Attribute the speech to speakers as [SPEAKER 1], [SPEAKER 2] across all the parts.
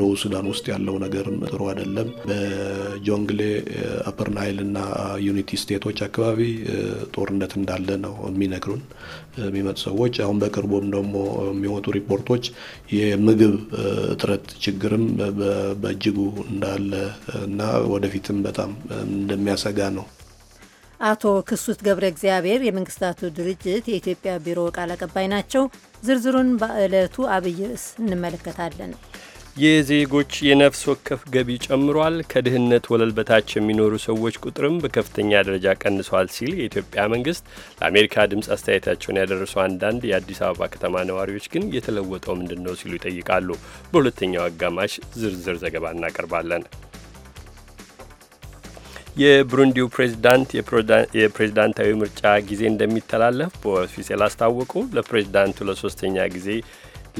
[SPEAKER 1] ደቡብ ሱዳን ውስጥ ያለው ነገር ጥሩ አይደለም። በጆንግሌ አፐር ናይል እና ዩኒቲ ስቴቶች አካባቢ ጦርነት እንዳለ ነው የሚነግሩን የሚመጡ ሰዎች። አሁን በቅርቡም ደግሞ የሚወጡ ሪፖርቶች የምግብ እጥረት ችግርም በእጅጉ እንዳለ እና ወደፊትም በጣም እንደሚያሰጋ ነው።
[SPEAKER 2] አቶ ክሱት ገብረ እግዚአብሔር የመንግስታቱ ድርጅት የኢትዮጵያ ቢሮ ቃል አቀባይ ናቸው። ዝርዝሩን በዕለቱ አብይ ርዕስ እንመለከታለን።
[SPEAKER 3] የዜጎች የነፍስ ወከፍ ገቢ ጨምሯል፣ ከድህነት ወለል በታች የሚኖሩ ሰዎች ቁጥርም በከፍተኛ ደረጃ ቀንሷል ሲል የኢትዮጵያ መንግስት ለአሜሪካ ድምፅ አስተያየታቸውን ያደረሱ አንዳንድ የአዲስ አበባ ከተማ ነዋሪዎች ግን የተለወጠው ምንድን ነው ሲሉ ይጠይቃሉ። በሁለተኛው አጋማሽ ዝርዝር ዘገባ እናቀርባለን። የብሩንዲው ፕሬዚዳንት የፕሬዚዳንታዊ ምርጫ ጊዜ እንደሚተላለፍ በኦፊሴል አስታወቁ። ለፕሬዚዳንቱ ለሶስተኛ ጊዜ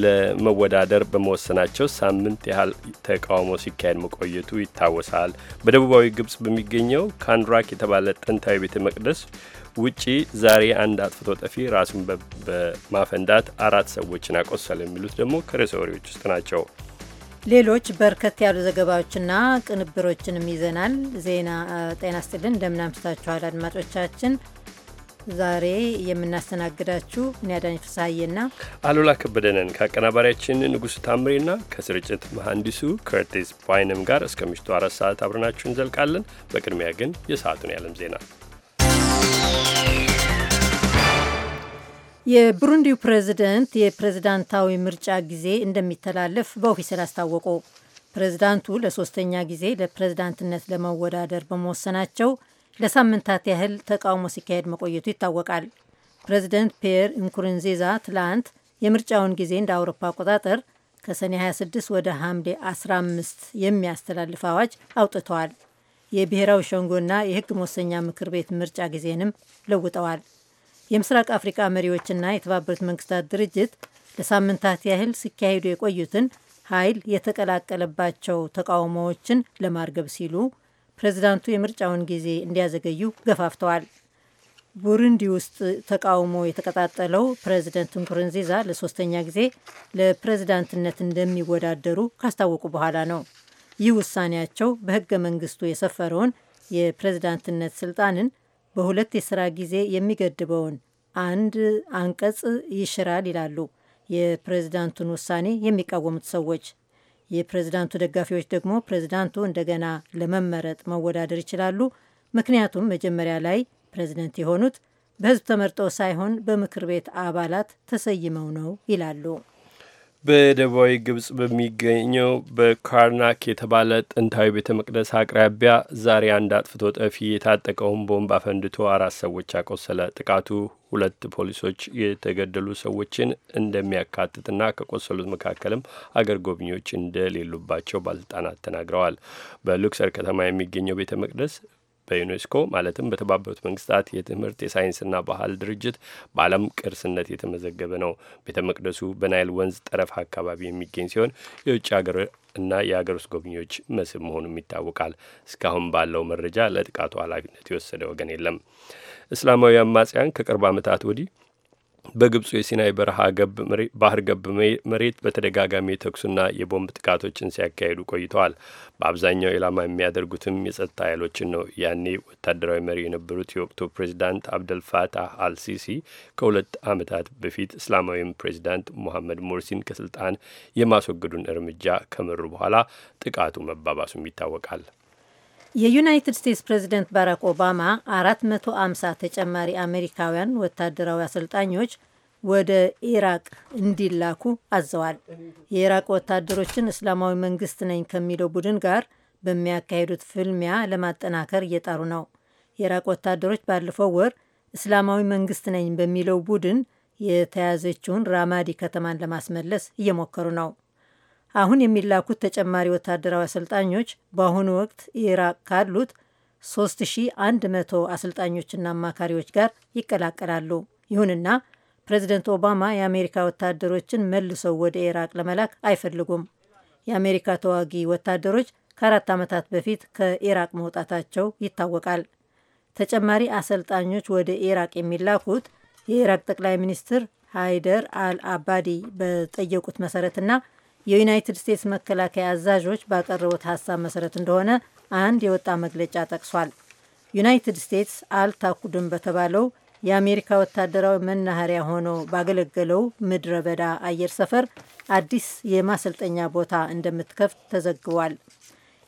[SPEAKER 3] ለመወዳደር በመወሰናቸው ሳምንት ያህል ተቃውሞ ሲካሄድ መቆየቱ ይታወሳል። በደቡባዊ ግብጽ በሚገኘው ካንድራክ የተባለ ጥንታዊ ቤተ መቅደስ ውጪ ዛሬ አንድ አጥፍቶ ጠፊ ራሱን በማፈንዳት አራት ሰዎችን አቆሰል የሚሉት ደግሞ ከርዕሰ ወሬዎች ውስጥ ናቸው።
[SPEAKER 2] ሌሎች በርከት ያሉ ዘገባዎችና ቅንብሮችንም ይዘናል። ዜና ጤና ስጥልን እንደምናምስታችኋል አድማጮቻችን ዛሬ የምናስተናግዳችሁ እኔ አዳኝ ፍስሀዬና
[SPEAKER 3] አሉላ ከበደነን ከአቀናባሪያችን ንጉሱ ታምሬና ከስርጭት መሐንዲሱ ከርቲስ ባይንም ጋር እስከ ምሽቱ አራት ሰዓት አብረናችሁ እንዘልቃለን። በቅድሚያ ግን የሰዓቱን የዓለም ዜና
[SPEAKER 2] የቡሩንዲው ፕሬዝደንት የፕሬዝዳንታዊ ምርጫ ጊዜ እንደሚተላለፍ በኦፊሴል አስታወቁ። ፕሬዝዳንቱ ለሶስተኛ ጊዜ ለፕሬዝዳንትነት ለመወዳደር በመወሰናቸው ለሳምንታት ያህል ተቃውሞ ሲካሄድ መቆየቱ ይታወቃል። ፕሬዚደንት ፒየር ኢንኩሩንዚዛ ትላንት የምርጫውን ጊዜ እንደ አውሮፓ አቆጣጠር ከሰኔ 26 ወደ ሐምሌ 15 የሚያስተላልፍ አዋጅ አውጥተዋል። የብሔራዊ ሸንጎና የሕግ መወሰኛ ምክር ቤት ምርጫ ጊዜንም ለውጠዋል። የምስራቅ አፍሪካ መሪዎችና የተባበሩት መንግስታት ድርጅት ለሳምንታት ያህል ሲካሄዱ የቆዩትን ኃይል የተቀላቀለባቸው ተቃውሞዎችን ለማርገብ ሲሉ ፕሬዚዳንቱ የምርጫውን ጊዜ እንዲያዘገዩ ገፋፍተዋል። ቡሩንዲ ውስጥ ተቃውሞ የተቀጣጠለው ፕሬዚደንት ንኩሩንዚዛ ለሶስተኛ ጊዜ ለፕሬዚዳንትነት እንደሚወዳደሩ ካስታወቁ በኋላ ነው። ይህ ውሳኔያቸው በህገ መንግስቱ የሰፈረውን የፕሬዝዳንትነት ስልጣንን በሁለት የስራ ጊዜ የሚገድበውን አንድ አንቀጽ ይሽራል ይላሉ የፕሬዝዳንቱን ውሳኔ የሚቃወሙት ሰዎች። የፕሬዝዳንቱ ደጋፊዎች ደግሞ ፕሬዝዳንቱ እንደገና ለመመረጥ መወዳደር ይችላሉ፣ ምክንያቱም መጀመሪያ ላይ ፕሬዝደንት የሆኑት በህዝብ ተመርጠው ሳይሆን በምክር ቤት አባላት ተሰይመው ነው ይላሉ።
[SPEAKER 3] በደቡባዊ ግብጽ በሚገኘው በካርናክ የተባለ ጥንታዊ ቤተ መቅደስ አቅራቢያ ዛሬ አንድ አጥፍቶ ጠፊ የታጠቀውን ቦምብ አፈንድቶ አራት ሰዎች አቆሰለ። ጥቃቱ ሁለት ፖሊሶች የተገደሉ ሰዎችን እንደሚያካትትና ከቆሰሉት መካከልም አገር ጎብኚዎች እንደሌሉባቸው ባለስልጣናት ተናግረዋል። በሉክሰር ከተማ የሚገኘው ቤተ መቅደስ በዩኔስኮ ማለትም በተባበሩት መንግስታት የትምህርት የሳይንስና ባህል ድርጅት በዓለም ቅርስነት የተመዘገበ ነው። ቤተ መቅደሱ በናይል ወንዝ ጠረፍ አካባቢ የሚገኝ ሲሆን የውጭ ሀገር እና የሀገር ውስጥ ጎብኚዎች መስህብ መሆኑም ይታወቃል። እስካሁን ባለው መረጃ ለጥቃቱ ኃላፊነት የወሰደ ወገን የለም። እስላማዊ አማጽያን ከቅርብ ዓመታት ወዲህ በግብፁ የሲናይ በረሃ ገብ ባህር ገብ መሬት በተደጋጋሚ የተኩስና የቦምብ ጥቃቶችን ሲያካሂዱ ቆይተዋል። በአብዛኛው ኢላማ የሚያደርጉትም የጸጥታ ኃይሎችን ነው። ያኔ ወታደራዊ መሪ የነበሩት የወቅቱ ፕሬዚዳንት አብደልፋታህ አልሲሲ ከሁለት ዓመታት በፊት እስላማዊም ፕሬዚዳንት ሙሐመድ ሞርሲን ከስልጣን የማስወገዱን እርምጃ ከመሩ በኋላ ጥቃቱ መባባሱም ይታወቃል።
[SPEAKER 2] የዩናይትድ ስቴትስ ፕሬዚደንት ባራክ ኦባማ 450 ተጨማሪ አሜሪካውያን ወታደራዊ አሰልጣኞች ወደ ኢራቅ እንዲላኩ አዘዋል። የኢራቅ ወታደሮችን እስላማዊ መንግስት ነኝ ከሚለው ቡድን ጋር በሚያካሂዱት ፍልሚያ ለማጠናከር እየጣሩ ነው። የኢራቅ ወታደሮች ባለፈው ወር እስላማዊ መንግስት ነኝ በሚለው ቡድን የተያዘችውን ራማዲ ከተማን ለማስመለስ እየሞከሩ ነው። አሁን የሚላኩት ተጨማሪ ወታደራዊ አሰልጣኞች በአሁኑ ወቅት ኢራቅ ካሉት 3100 አሰልጣኞችና አማካሪዎች ጋር ይቀላቀላሉ። ይሁንና ፕሬዚደንት ኦባማ የአሜሪካ ወታደሮችን መልሰው ወደ ኢራቅ ለመላክ አይፈልጉም። የአሜሪካ ተዋጊ ወታደሮች ከአራት ዓመታት በፊት ከኢራቅ መውጣታቸው ይታወቃል። ተጨማሪ አሰልጣኞች ወደ ኢራቅ የሚላኩት የኢራቅ ጠቅላይ ሚኒስትር ሃይደር አል አባዲ በጠየቁት መሰረትና የዩናይትድ ስቴትስ መከላከያ አዛዦች ባቀረቡት ሀሳብ መሰረት እንደሆነ አንድ የወጣ መግለጫ ጠቅሷል። ዩናይትድ ስቴትስ አልታኩድም በተባለው የአሜሪካ ወታደራዊ መናኸሪያ ሆኖ ባገለገለው ምድረ በዳ አየር ሰፈር አዲስ የማሰልጠኛ ቦታ እንደምትከፍት ተዘግቧል።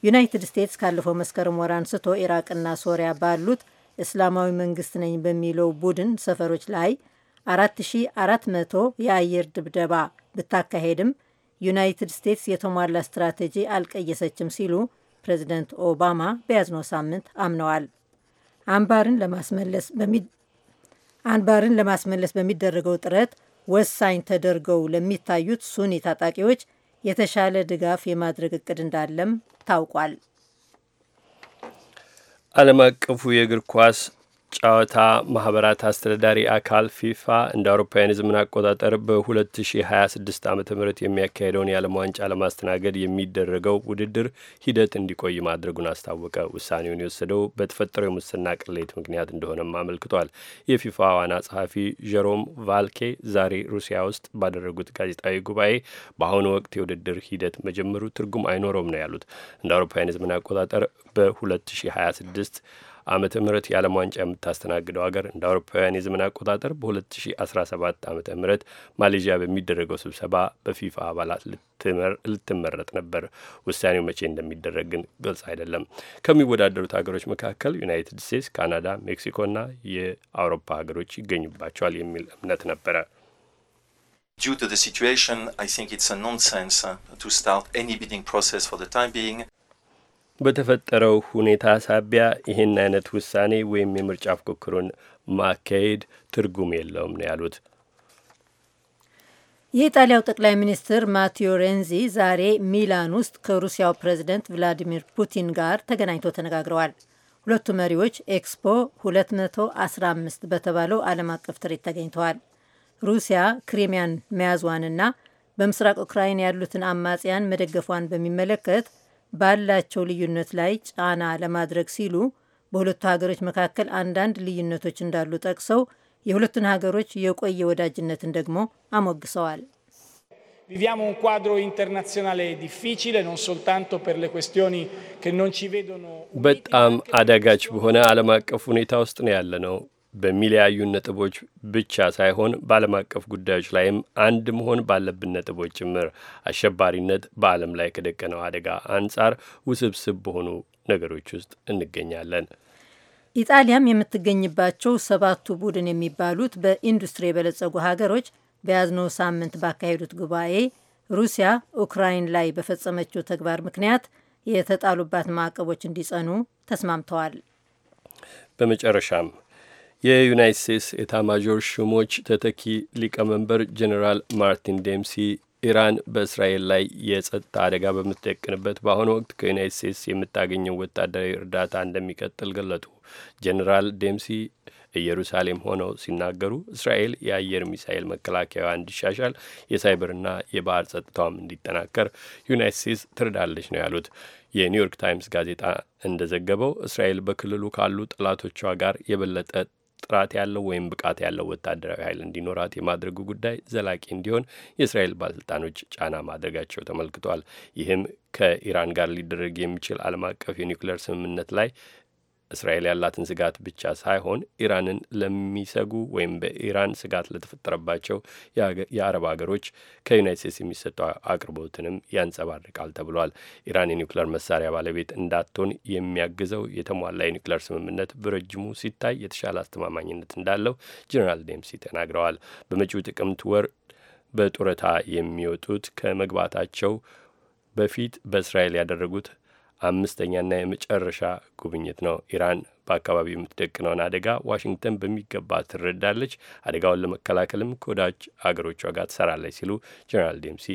[SPEAKER 2] ዩናይትድ ስቴትስ ካለፈው መስከረም ወር አንስቶ ኢራቅና ሶሪያ ባሉት እስላማዊ መንግስት ነኝ በሚለው ቡድን ሰፈሮች ላይ 4400 የአየር ድብደባ ብታካሄድም ዩናይትድ ስቴትስ የተሟላ ስትራቴጂ አልቀየሰችም ሲሉ ፕሬዚደንት ኦባማ በያዝነው ሳምንት አምነዋል። አንባርን ለማስመለስ በሚደረገው ጥረት ወሳኝ ተደርገው ለሚታዩት ሱኒ ታጣቂዎች የተሻለ ድጋፍ የማድረግ እቅድ እንዳለም ታውቋል።
[SPEAKER 3] ዓለም አቀፉ የእግር ኳስ ጨዋታ ማህበራት አስተዳዳሪ አካል ፊፋ እንደ አውሮፓውያን የዘመን አቆጣጠር በ2026 ዓ ም የሚያካሄደውን የዓለም ዋንጫ ለማስተናገድ የሚደረገው ውድድር ሂደት እንዲቆይ ማድረጉን አስታወቀ። ውሳኔውን የወሰደው በተፈጠረው የሙስና ቅሌት ምክንያት እንደሆነም አመልክቷል። የፊፋ ዋና ጸሐፊ ጀሮም ቫልኬ ዛሬ ሩሲያ ውስጥ ባደረጉት ጋዜጣዊ ጉባኤ በአሁኑ ወቅት የውድድር ሂደት መጀመሩ ትርጉም አይኖረውም ነው ያሉት። እንደ አውሮፓውያን የዘመን አቆጣጠር በ2026 ዓመተ ምህረት የዓለም ዋንጫ የምታስተናግደው ሀገር እንደ አውሮፓውያን የዘመን አቆጣጠር በ2017 ዓመተ ምህረት ማሌዥያ በሚደረገው ስብሰባ በፊፋ አባላት ልትመረጥ ነበር። ውሳኔው መቼ እንደሚደረግ ግን ግልጽ አይደለም። ከሚወዳደሩት ሀገሮች መካከል ዩናይትድ ስቴትስ፣ ካናዳ፣ እና የአውሮፓ ሀገሮች ይገኙባቸዋል የሚል እምነት ነበረ። due to
[SPEAKER 4] the situation i think it's a nonsense uh, to start any bidding process for the time being
[SPEAKER 3] በተፈጠረው ሁኔታ ሳቢያ ይህን አይነት ውሳኔ ወይም የምርጫ ፉክክሩን ማካሄድ ትርጉም የለውም ነው ያሉት።
[SPEAKER 2] የኢጣሊያው ጠቅላይ ሚኒስትር ማቴዮ ሬንዚ ዛሬ ሚላን ውስጥ ከሩሲያው ፕሬዚደንት ቭላዲሚር ፑቲን ጋር ተገናኝቶ ተነጋግረዋል። ሁለቱ መሪዎች ኤክስፖ 215 በተባለው ዓለም አቀፍ ትርኢት ተገኝተዋል። ሩሲያ ክሪሚያን መያዟንና በምስራቅ ኡክራይን ያሉትን አማጽያን መደገፏን በሚመለከት ባላቸው ልዩነት ላይ ጫና ለማድረግ ሲሉ በሁለቱ ሀገሮች መካከል አንዳንድ ልዩነቶች እንዳሉ ጠቅሰው የሁለቱን ሀገሮች የቆየ ወዳጅነትን ደግሞ አሞግሰዋል።
[SPEAKER 5] Viviamo un quadro internazionale difficile non soltanto per le questioni che non ci vedono
[SPEAKER 3] በጣም አዳጋች በሆነ ዓለም አቀፍ ሁኔታ ውስጥ ነው ያለነው በሚለያዩ ነጥቦች ብቻ ሳይሆን በዓለም አቀፍ ጉዳዮች ላይም አንድ መሆን ባለብን ነጥቦች ጭምር አሸባሪነት በዓለም ላይ ከደቀነው አደጋ አንጻር ውስብስብ በሆኑ ነገሮች ውስጥ እንገኛለን።
[SPEAKER 2] ኢጣሊያም የምትገኝባቸው ሰባቱ ቡድን የሚባሉት በኢንዱስትሪ የበለጸጉ ሀገሮች በያዝነው ሳምንት ባካሄዱት ጉባኤ ሩሲያ ኡክራይን ላይ በፈጸመችው ተግባር ምክንያት የተጣሉባት ማዕቀቦች እንዲጸኑ ተስማምተዋል።
[SPEAKER 3] በመጨረሻም የዩናይት ስቴትስ ኤታማዦር ሹሞች ተተኪ ሊቀመንበር ጀኔራል ማርቲን ዴምሲ ኢራን በእስራኤል ላይ የጸጥታ አደጋ በምትደቅንበት በአሁኑ ወቅት ከዩናይት ስቴትስ የምታገኘው ወታደራዊ እርዳታ እንደሚቀጥል ገለጡ። ጀኔራል ዴምሲ ኢየሩሳሌም ሆነው ሲናገሩ እስራኤል የአየር ሚሳኤል መከላከያዋ እንዲሻሻል፣ የሳይበርና የባህር ጸጥታውም እንዲጠናከር ዩናይት ስቴትስ ትርዳለች ነው ያሉት። የኒውዮርክ ታይምስ ጋዜጣ እንደዘገበው እስራኤል በክልሉ ካሉ ጠላቶቿ ጋር የበለጠ ጥራት ያለው ወይም ብቃት ያለው ወታደራዊ ኃይል እንዲኖራት የማድረጉ ጉዳይ ዘላቂ እንዲሆን የእስራኤል ባለስልጣኖች ጫና ማድረጋቸው ተመልክቷል። ይህም ከኢራን ጋር ሊደረግ የሚችል ዓለም አቀፍ የኒውክሌር ስምምነት ላይ እስራኤል ያላትን ስጋት ብቻ ሳይሆን ኢራንን ለሚሰጉ ወይም በኢራን ስጋት ለተፈጠረባቸው የአረብ ሀገሮች ከዩናይት ስቴትስ የሚሰጠው አቅርቦትንም ያንጸባርቃል ተብሏል። ኢራን የኒውክሌር መሳሪያ ባለቤት እንዳትሆን የሚያግዘው የተሟላ የኒውክሌር ስምምነት በረጅሙ ሲታይ የተሻለ አስተማማኝነት እንዳለው ጄኔራል ዴምሲ ተናግረዋል። በመጪው ጥቅምት ወር በጡረታ የሚወጡት ከመግባታቸው በፊት በእስራኤል ያደረጉት አምስተኛና የመጨረሻ ጉብኝት ነው። ኢራን በአካባቢው የምትደቅነውን አደጋ ዋሽንግተን በሚገባ ትረዳለች፣ አደጋውን ለመከላከልም ከወዳጅ አገሮቿ ጋር ትሰራለች ሲሉ ጀኔራል ዴምሲ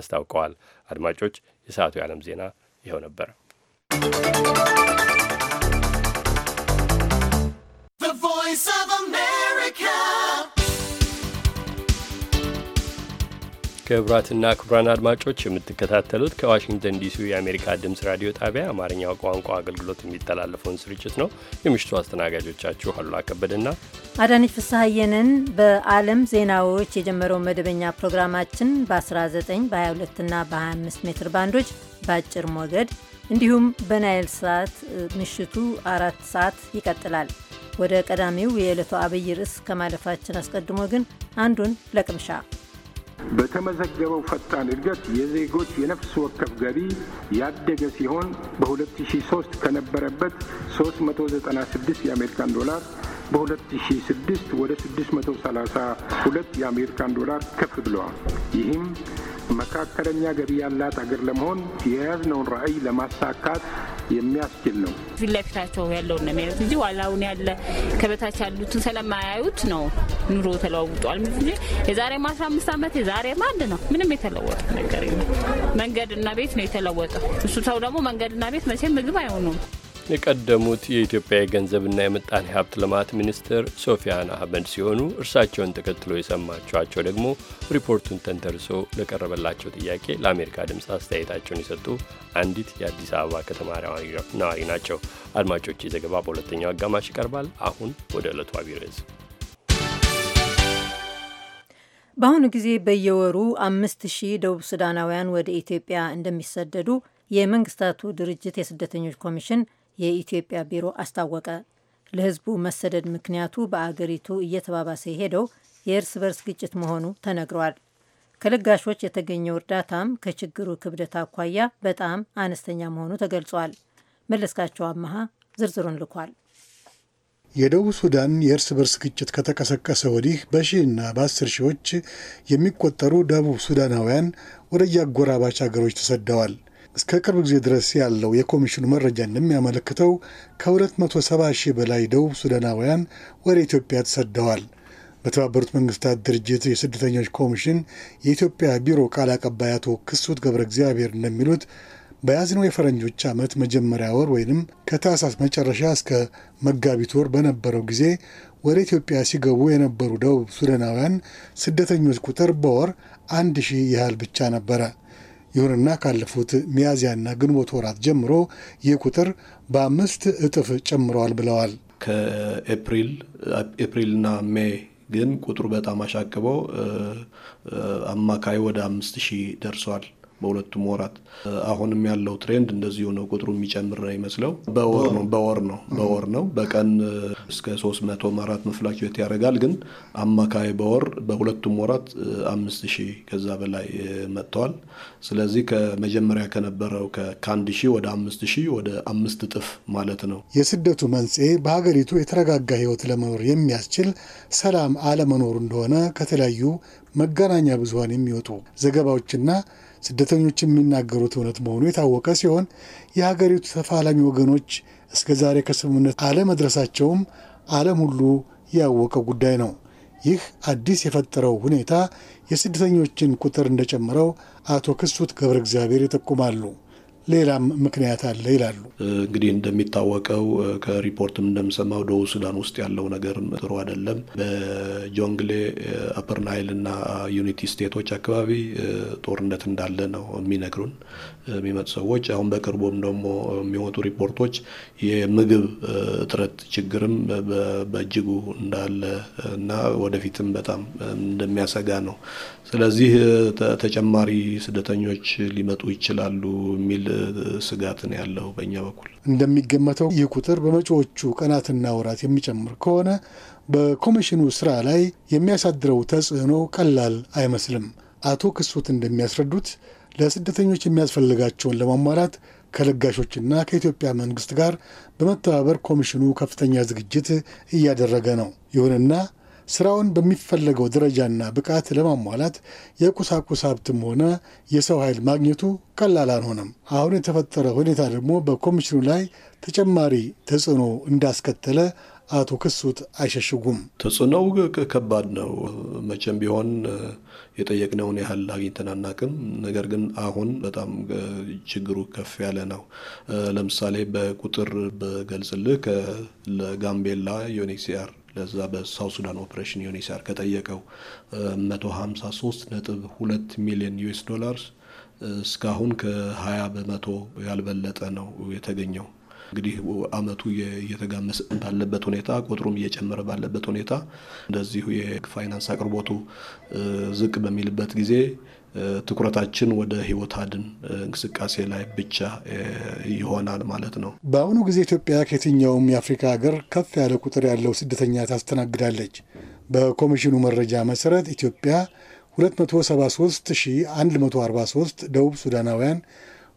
[SPEAKER 3] አስታውቀዋል። አድማጮች፣ የሰዓቱ የዓለም ዜና ይኸው ነበር። ክቡራትና ክቡራን አድማጮች የምትከታተሉት ከዋሽንግተን ዲሲ የአሜሪካ ድምፅ ራዲዮ ጣቢያ አማርኛው ቋንቋ አገልግሎት የሚተላለፈውን ስርጭት ነው። የምሽቱ አስተናጋጆቻችሁ አሉላ ከበደና
[SPEAKER 2] አዳነች ፍስሐየንን። በዓለም ዜናዎች የጀመረው መደበኛ ፕሮግራማችን በ19 በ22ና በ25 ሜትር ባንዶች በአጭር ሞገድ እንዲሁም በናይል ሰዓት ምሽቱ አራት ሰዓት ይቀጥላል። ወደ ቀዳሚው የዕለቱ አብይ ርዕስ ከማለፋችን አስቀድሞ ግን አንዱን ለቅምሻ
[SPEAKER 6] በተመዘገበው ፈጣን እድገት የዜጎች የነፍስ ወከፍ ገቢ ያደገ ሲሆን በ2003 ከነበረበት 396 የአሜሪካን ዶላር በ2006 ወደ 632 የአሜሪካን ዶላር ከፍ ብለዋል። ይህም መካከለኛ ገቢ ያላት አገር ለመሆን የያዝነውን ራዕይ ለማሳካት የሚያስችል ነው።
[SPEAKER 7] ፊት ለፊታቸው ያለውን ነው የሚያዩት እንጂ ዋላውን ያለ ከበታች ያሉትን ስለማያዩት ነው። ኑሮ ተለዋውጧል እንጂ የዛሬም አስራ አምስት ዓመት የዛሬም አንድ ነው። ምንም የተለወጠ ነገር መንገድና ቤት ነው የተለወጠ። እሱ ሰው ደግሞ መንገድና ቤት መቼም ምግብ አይሆኑም።
[SPEAKER 3] የቀደሙት የኢትዮጵያ የገንዘብና የምጣኔ ሀብት ልማት ሚኒስትር ሶፊያን አህመድ ሲሆኑ እርሳቸውን ተከትሎ የሰማችኋቸው ደግሞ ሪፖርቱን ተንተርሶ ለቀረበላቸው ጥያቄ ለአሜሪካ ድምፅ አስተያየታቸውን የሰጡ አንዲት የአዲስ አበባ ከተማ ነዋሪ ናቸው። አድማጮች፣ የዘገባ በሁለተኛው አጋማሽ ይቀርባል። አሁን ወደ ዕለቱ አቢይ ርዕስ
[SPEAKER 2] በአሁኑ ጊዜ በየወሩ አምስት ሺህ ደቡብ ሱዳናውያን ወደ ኢትዮጵያ እንደሚሰደዱ የመንግስታቱ ድርጅት የስደተኞች ኮሚሽን የኢትዮጵያ ቢሮ አስታወቀ። ለህዝቡ መሰደድ ምክንያቱ በአገሪቱ እየተባባሰ የሄደው የእርስ በርስ ግጭት መሆኑ ተነግሯል። ከለጋሾች የተገኘው እርዳታም ከችግሩ ክብደት አኳያ በጣም አነስተኛ መሆኑ ተገልጿል። መለስካቸው አመሃ ዝርዝሩን ልኳል።
[SPEAKER 5] የደቡብ ሱዳን የእርስ በርስ ግጭት ከተቀሰቀሰ ወዲህ በሺህና በአስር ሺዎች የሚቆጠሩ ደቡብ ሱዳናውያን ወደ የአጎራባች አገሮች ተሰደዋል። እስከ ቅርብ ጊዜ ድረስ ያለው የኮሚሽኑ መረጃ እንደሚያመለክተው ከ270 ሺህ በላይ ደቡብ ሱዳናውያን ወደ ኢትዮጵያ ተሰደዋል። በተባበሩት መንግስታት ድርጅት የስደተኞች ኮሚሽን የኢትዮጵያ ቢሮ ቃል አቀባይ አቶ ክሱት ገብረ እግዚአብሔር እንደሚሉት በያዝነው የፈረንጆች ዓመት መጀመሪያ ወር ወይንም ከታህሳስ መጨረሻ እስከ መጋቢት ወር በነበረው ጊዜ ወደ ኢትዮጵያ ሲገቡ የነበሩ ደቡብ ሱዳናውያን ስደተኞች ቁጥር በወር አንድ ሺህ ያህል ብቻ ነበረ። ይሁንና ካለፉት ሚያዝያና ግንቦት ወራት ጀምሮ ይህ ቁጥር በአምስት እጥፍ ጨምረዋል ብለዋል። ከኤፕሪል
[SPEAKER 1] ኤፕሪልና ሜይ ግን ቁጥሩ በጣም አሻቅበው አማካይ ወደ አምስት ሺህ ደርሷል። በሁለቱም ወራት። አሁንም ያለው ትሬንድ እንደዚህ ነው። ቁጥሩ የሚጨምር ነው ይመስለው በወር ነው በወር ነው በወር ነው። በቀን እስከ ሶስት መቶ አራት መቶ ያደርጋል። ግን አማካይ በወር በሁለቱም ወራት አምስት ሺህ ከዛ በላይ መጥተዋል። ስለዚህ ከመጀመሪያ ከነበረው ከአንድ ሺህ ወደ አምስት ሺህ ወደ አምስት እጥፍ ማለት ነው።
[SPEAKER 5] የስደቱ መንስኤ በሀገሪቱ የተረጋጋ ህይወት ለመኖር የሚያስችል ሰላም አለመኖሩ እንደሆነ ከተለያዩ መገናኛ ብዙሀን የሚወጡ ዘገባዎችና ስደተኞች የሚናገሩት እውነት መሆኑ የታወቀ ሲሆን የሀገሪቱ ተፋላሚ ወገኖች እስከ ዛሬ ከስምምነት አለመድረሳቸውም ዓለም ሁሉ ያወቀ ጉዳይ ነው። ይህ አዲስ የፈጠረው ሁኔታ የስደተኞችን ቁጥር እንደጨመረው አቶ ክሱት ገብረ እግዚአብሔር ይጠቁማሉ። ሌላም ምክንያት አለ ይላሉ።
[SPEAKER 1] እንግዲህ እንደሚታወቀው ከሪፖርትም እንደምሰማው ደቡብ ሱዳን ውስጥ ያለው ነገር ጥሩ አይደለም። በጆንግሌ አፐር ናይል እና ዩኒቲ ስቴቶች አካባቢ ጦርነት እንዳለ ነው የሚነግሩን የሚመጡ ሰዎች። አሁን በቅርቡም ደግሞ የሚወጡ ሪፖርቶች የምግብ እጥረት ችግርም በእጅጉ እንዳለ እና ወደፊትም በጣም እንደሚያሰጋ ነው ስለዚህ ተጨማሪ ስደተኞች ሊመጡ ይችላሉ የሚል ስጋት ነው ያለው
[SPEAKER 5] በእኛ በኩል። እንደሚገመተው ይህ ቁጥር በመጪዎቹ ቀናትና ወራት የሚጨምር ከሆነ በኮሚሽኑ ስራ ላይ የሚያሳድረው ተጽዕኖ ቀላል አይመስልም። አቶ ክሱት እንደሚያስረዱት ለስደተኞች የሚያስፈልጋቸውን ለማሟላት ከለጋሾችና ከኢትዮጵያ መንግስት ጋር በመተባበር ኮሚሽኑ ከፍተኛ ዝግጅት እያደረገ ነው። ይሁንና ስራውን በሚፈለገው ደረጃና ብቃት ለማሟላት የቁሳቁስ ሀብትም ሆነ የሰው ኃይል ማግኘቱ ቀላል አልሆነም። አሁን የተፈጠረ ሁኔታ ደግሞ በኮሚሽኑ ላይ ተጨማሪ ተጽዕኖ እንዳስከተለ አቶ ክሱት አይሸሽጉም።
[SPEAKER 1] ተጽዕኖው ከባድ ነው። መቼም ቢሆን የጠየቅነውን ያህል አግኝተን አናቅም። ነገር ግን አሁን በጣም ችግሩ ከፍ ያለ ነው። ለምሳሌ በቁጥር በገልጽልህ ለጋምቤላ ዩኤንኤችሲአር በዛ በሳውት ሱዳን ኦፕሬሽን ዩኒሲር ከጠየቀው 153.2 ሚሊዮን ዩኤስ ዶላርስ እስካሁን ከ20 በመቶ ያልበለጠ ነው የተገኘው። እንግዲህ አመቱ እየተጋመሰ ባለበት ሁኔታ ቁጥሩም እየጨመረ ባለበት ሁኔታ እንደዚሁ የፋይናንስ አቅርቦቱ ዝቅ በሚልበት ጊዜ ትኩረታችን ወደ ህይወት አድን እንቅስቃሴ ላይ ብቻ ይሆናል ማለት ነው።
[SPEAKER 5] በአሁኑ ጊዜ ኢትዮጵያ ከየትኛውም የአፍሪካ ሀገር ከፍ ያለ ቁጥር ያለው ስደተኛ ታስተናግዳለች። በኮሚሽኑ መረጃ መሰረት ኢትዮጵያ 273143 ደቡብ ሱዳናውያን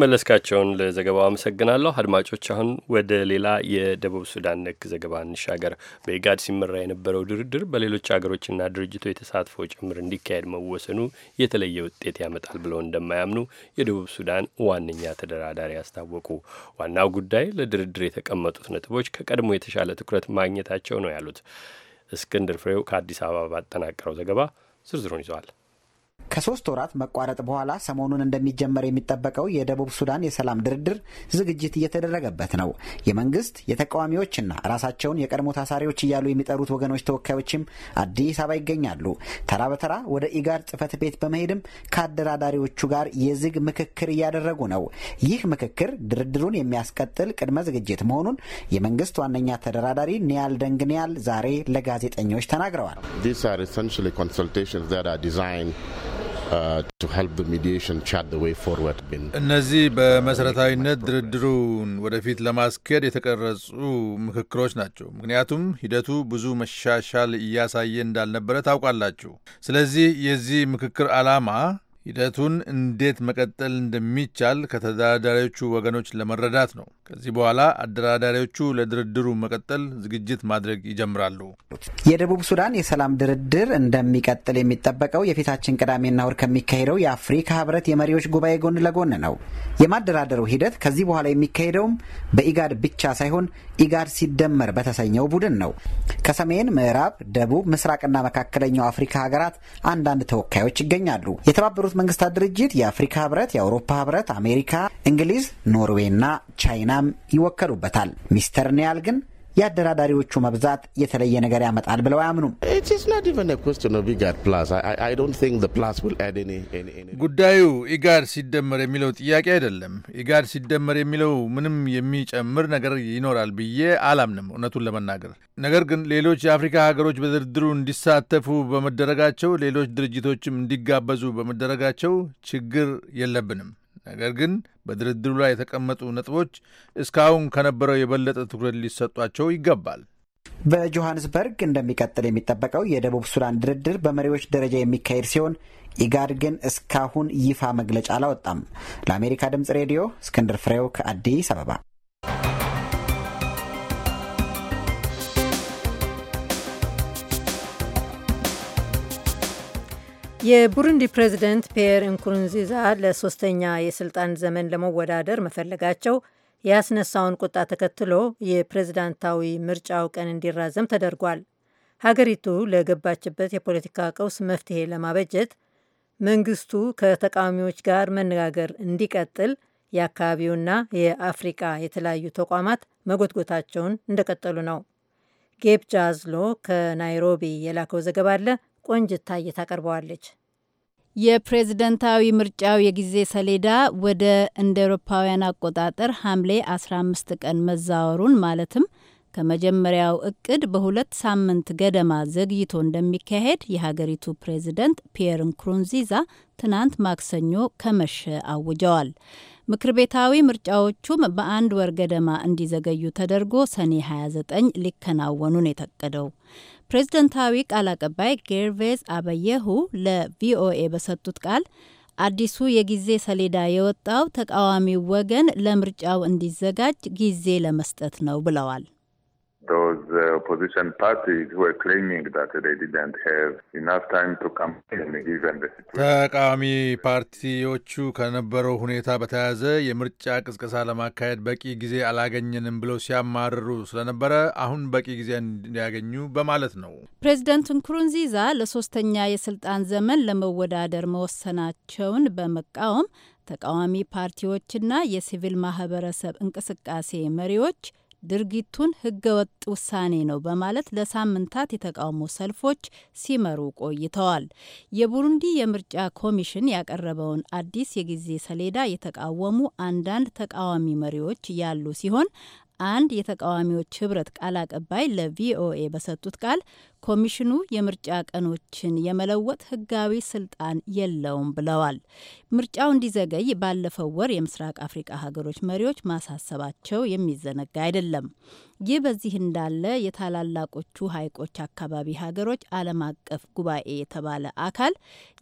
[SPEAKER 3] መለስካቸውን ለዘገባው አመሰግናለሁ። አድማጮች፣ አሁን ወደ ሌላ የደቡብ ሱዳን ነክ ዘገባ እንሻገር። በኢጋድ ሲመራ የነበረው ድርድር በሌሎች አገሮችና ድርጅቶ የተሳትፎ ጭምር እንዲካሄድ መወሰኑ የተለየ ውጤት ያመጣል ብለው እንደማያምኑ የደቡብ ሱዳን ዋነኛ ተደራዳሪ አስታወቁ። ዋናው ጉዳይ ለድርድር የተቀመጡት ነጥቦች ከቀድሞ የተሻለ ትኩረት ማግኘታቸው ነው ያሉት። እስክንድር ፍሬው ከአዲስ አበባ ባጠናቀረው ዘገባ ዝርዝሩን ይዘዋል።
[SPEAKER 8] ከሶስት ወራት መቋረጥ በኋላ ሰሞኑን እንደሚጀመር የሚጠበቀው የደቡብ ሱዳን የሰላም ድርድር ዝግጅት እየተደረገበት ነው። የመንግስት የተቃዋሚዎችና ራሳቸውን የቀድሞ ታሳሪዎች እያሉ የሚጠሩት ወገኖች ተወካዮችም አዲስ አበባ ይገኛሉ። ተራ በተራ ወደ ኢጋድ ጽህፈት ቤት በመሄድም ከአደራዳሪዎቹ ጋር የዝግ ምክክር እያደረጉ ነው። ይህ ምክክር ድርድሩን የሚያስቀጥል ቅድመ ዝግጅት መሆኑን የመንግስት ዋነኛ ተደራዳሪ ኒያል ደንግኒያል ዛሬ ለጋዜጠኞች ተናግረዋል።
[SPEAKER 6] Uh,
[SPEAKER 9] እነዚህ በመሰረታዊነት ድርድሩን ወደፊት ለማስኬድ የተቀረጹ ምክክሮች ናቸው። ምክንያቱም ሂደቱ ብዙ መሻሻል እያሳየ እንዳልነበረ ታውቃላችሁ። ስለዚህ የዚህ ምክክር ዓላማ ሂደቱን እንዴት መቀጠል እንደሚቻል ከተደራዳሪዎቹ ወገኖች ለመረዳት ነው። ከዚህ በኋላ አደራዳሪዎቹ ለድርድሩ መቀጠል ዝግጅት ማድረግ ይጀምራሉ።
[SPEAKER 8] የደቡብ ሱዳን የሰላም ድርድር እንደሚቀጥል የሚጠበቀው የፊታችን ቅዳሜና እሁድ ከሚካሄደው የአፍሪካ ህብረት የመሪዎች ጉባኤ ጎን ለጎን ነው። የማደራደሩ ሂደት ከዚህ በኋላ የሚካሄደውም በኢጋድ ብቻ ሳይሆን ኢጋድ ሲደመር በተሰኘው ቡድን ነው። ከሰሜን ምዕራብ፣ ደቡብ ምስራቅና መካከለኛው አፍሪካ ሀገራት አንዳንድ ተወካዮች ይገኛሉ። የተባበሩት መንግስታት ድርጅት፣ የአፍሪካ ህብረት፣ የአውሮፓ ህብረት፣ አሜሪካ፣ እንግሊዝ፣ ኖርዌይና ቻይና ዳኛም ይወከሉበታል። ሚስተር ኒያል ግን የአደራዳሪዎቹ መብዛት የተለየ ነገር ያመጣል ብለው አያምኑም።
[SPEAKER 9] ጉዳዩ ኢጋድ ሲደመር የሚለው ጥያቄ አይደለም። ኢጋድ ሲደመር የሚለው ምንም የሚጨምር ነገር ይኖራል ብዬ አላምንም እውነቱን ለመናገር። ነገር ግን ሌሎች የአፍሪካ ሀገሮች በድርድሩ እንዲሳተፉ በመደረጋቸው፣ ሌሎች ድርጅቶችም እንዲጋበዙ በመደረጋቸው ችግር የለብንም። ነገር ግን በድርድሩ ላይ የተቀመጡ ነጥቦች እስካሁን ከነበረው የበለጠ ትኩረት ሊሰጧቸው ይገባል።
[SPEAKER 8] በጆሃንስበርግ እንደሚቀጥል የሚጠበቀው የደቡብ ሱዳን ድርድር በመሪዎች ደረጃ የሚካሄድ ሲሆን ኢጋድ ግን እስካሁን ይፋ መግለጫ አላወጣም። ለአሜሪካ ድምጽ ሬዲዮ እስክንድር ፍሬው ከአዲስ አበባ
[SPEAKER 2] የቡሩንዲ ፕሬዚደንት ፒየር እንኩሩንዚዛ ለሶስተኛ የስልጣን ዘመን ለመወዳደር መፈለጋቸው ያስነሳውን ቁጣ ተከትሎ የፕሬዝዳንታዊ ምርጫው ቀን እንዲራዘም ተደርጓል። ሀገሪቱ ለገባችበት የፖለቲካ ቀውስ መፍትሄ ለማበጀት መንግስቱ ከተቃዋሚዎች ጋር መነጋገር እንዲቀጥል የአካባቢውና የአፍሪቃ የተለያዩ ተቋማት መጎትጎታቸውን እንደቀጠሉ ነው። ጌብ ጃዝሎ ከናይሮቢ የላከው ዘገባ አለ ቆንጅታ እየታቀርበዋለች።
[SPEAKER 10] የፕሬዝደንታዊ ምርጫው የጊዜ ሰሌዳ ወደ እንደ ኤሮፓውያን አቆጣጠር ሐምሌ 15 ቀን መዛወሩን ማለትም ከመጀመሪያው እቅድ በሁለት ሳምንት ገደማ ዘግይቶ እንደሚካሄድ የሀገሪቱ ፕሬዝደንት ፒየር ንኩሩንዚዛ ትናንት ማክሰኞ ከመሸ አውጀዋል። ምክር ቤታዊ ምርጫዎቹም በአንድ ወር ገደማ እንዲዘገዩ ተደርጎ ሰኔ 29 ሊከናወኑ የተቀደው። ፕሬዝደንታዊ ቃል አቀባይ ጌርቬዝ አበየሁ ለቪኦኤ በሰጡት ቃል አዲሱ የጊዜ ሰሌዳ የወጣው ተቃዋሚው ወገን ለምርጫው እንዲዘጋጅ ጊዜ ለመስጠት ነው ብለዋል።
[SPEAKER 9] those uh, opposition parties were claiming that they didn't have enough time to campaign given the situation. ተቃዋሚ ፓርቲዎቹ ከነበረው ሁኔታ በተያያዘ የምርጫ ቅስቀሳ ለማካሄድ በቂ ጊዜ አላገኘንም ብለው ሲያማርሩ ስለነበረ አሁን በቂ ጊዜ እንዲያገኙ በማለት ነው።
[SPEAKER 10] ፕሬዚደንት ንኩሩንዚዛ ለሶስተኛ የስልጣን ዘመን ለመወዳደር መወሰናቸውን በመቃወም ተቃዋሚ ፓርቲዎችና የሲቪል ማህበረሰብ እንቅስቃሴ መሪዎች ድርጊቱን ህገወጥ ውሳኔ ነው በማለት ለሳምንታት የተቃውሞ ሰልፎች ሲመሩ ቆይተዋል። የቡሩንዲ የምርጫ ኮሚሽን ያቀረበውን አዲስ የጊዜ ሰሌዳ የተቃወሙ አንዳንድ ተቃዋሚ መሪዎች ያሉ ሲሆን አንድ የተቃዋሚዎች ህብረት ቃል አቀባይ ለቪኦኤ በሰጡት ቃል ኮሚሽኑ የምርጫ ቀኖችን የመለወጥ ህጋዊ ስልጣን የለውም ብለዋል። ምርጫው እንዲዘገይ ባለፈው ወር የምስራቅ አፍሪቃ ሀገሮች መሪዎች ማሳሰባቸው የሚዘነጋ አይደለም። ይህ በዚህ እንዳለ የታላላቆቹ ሀይቆች አካባቢ ሀገሮች ዓለም አቀፍ ጉባኤ የተባለ አካል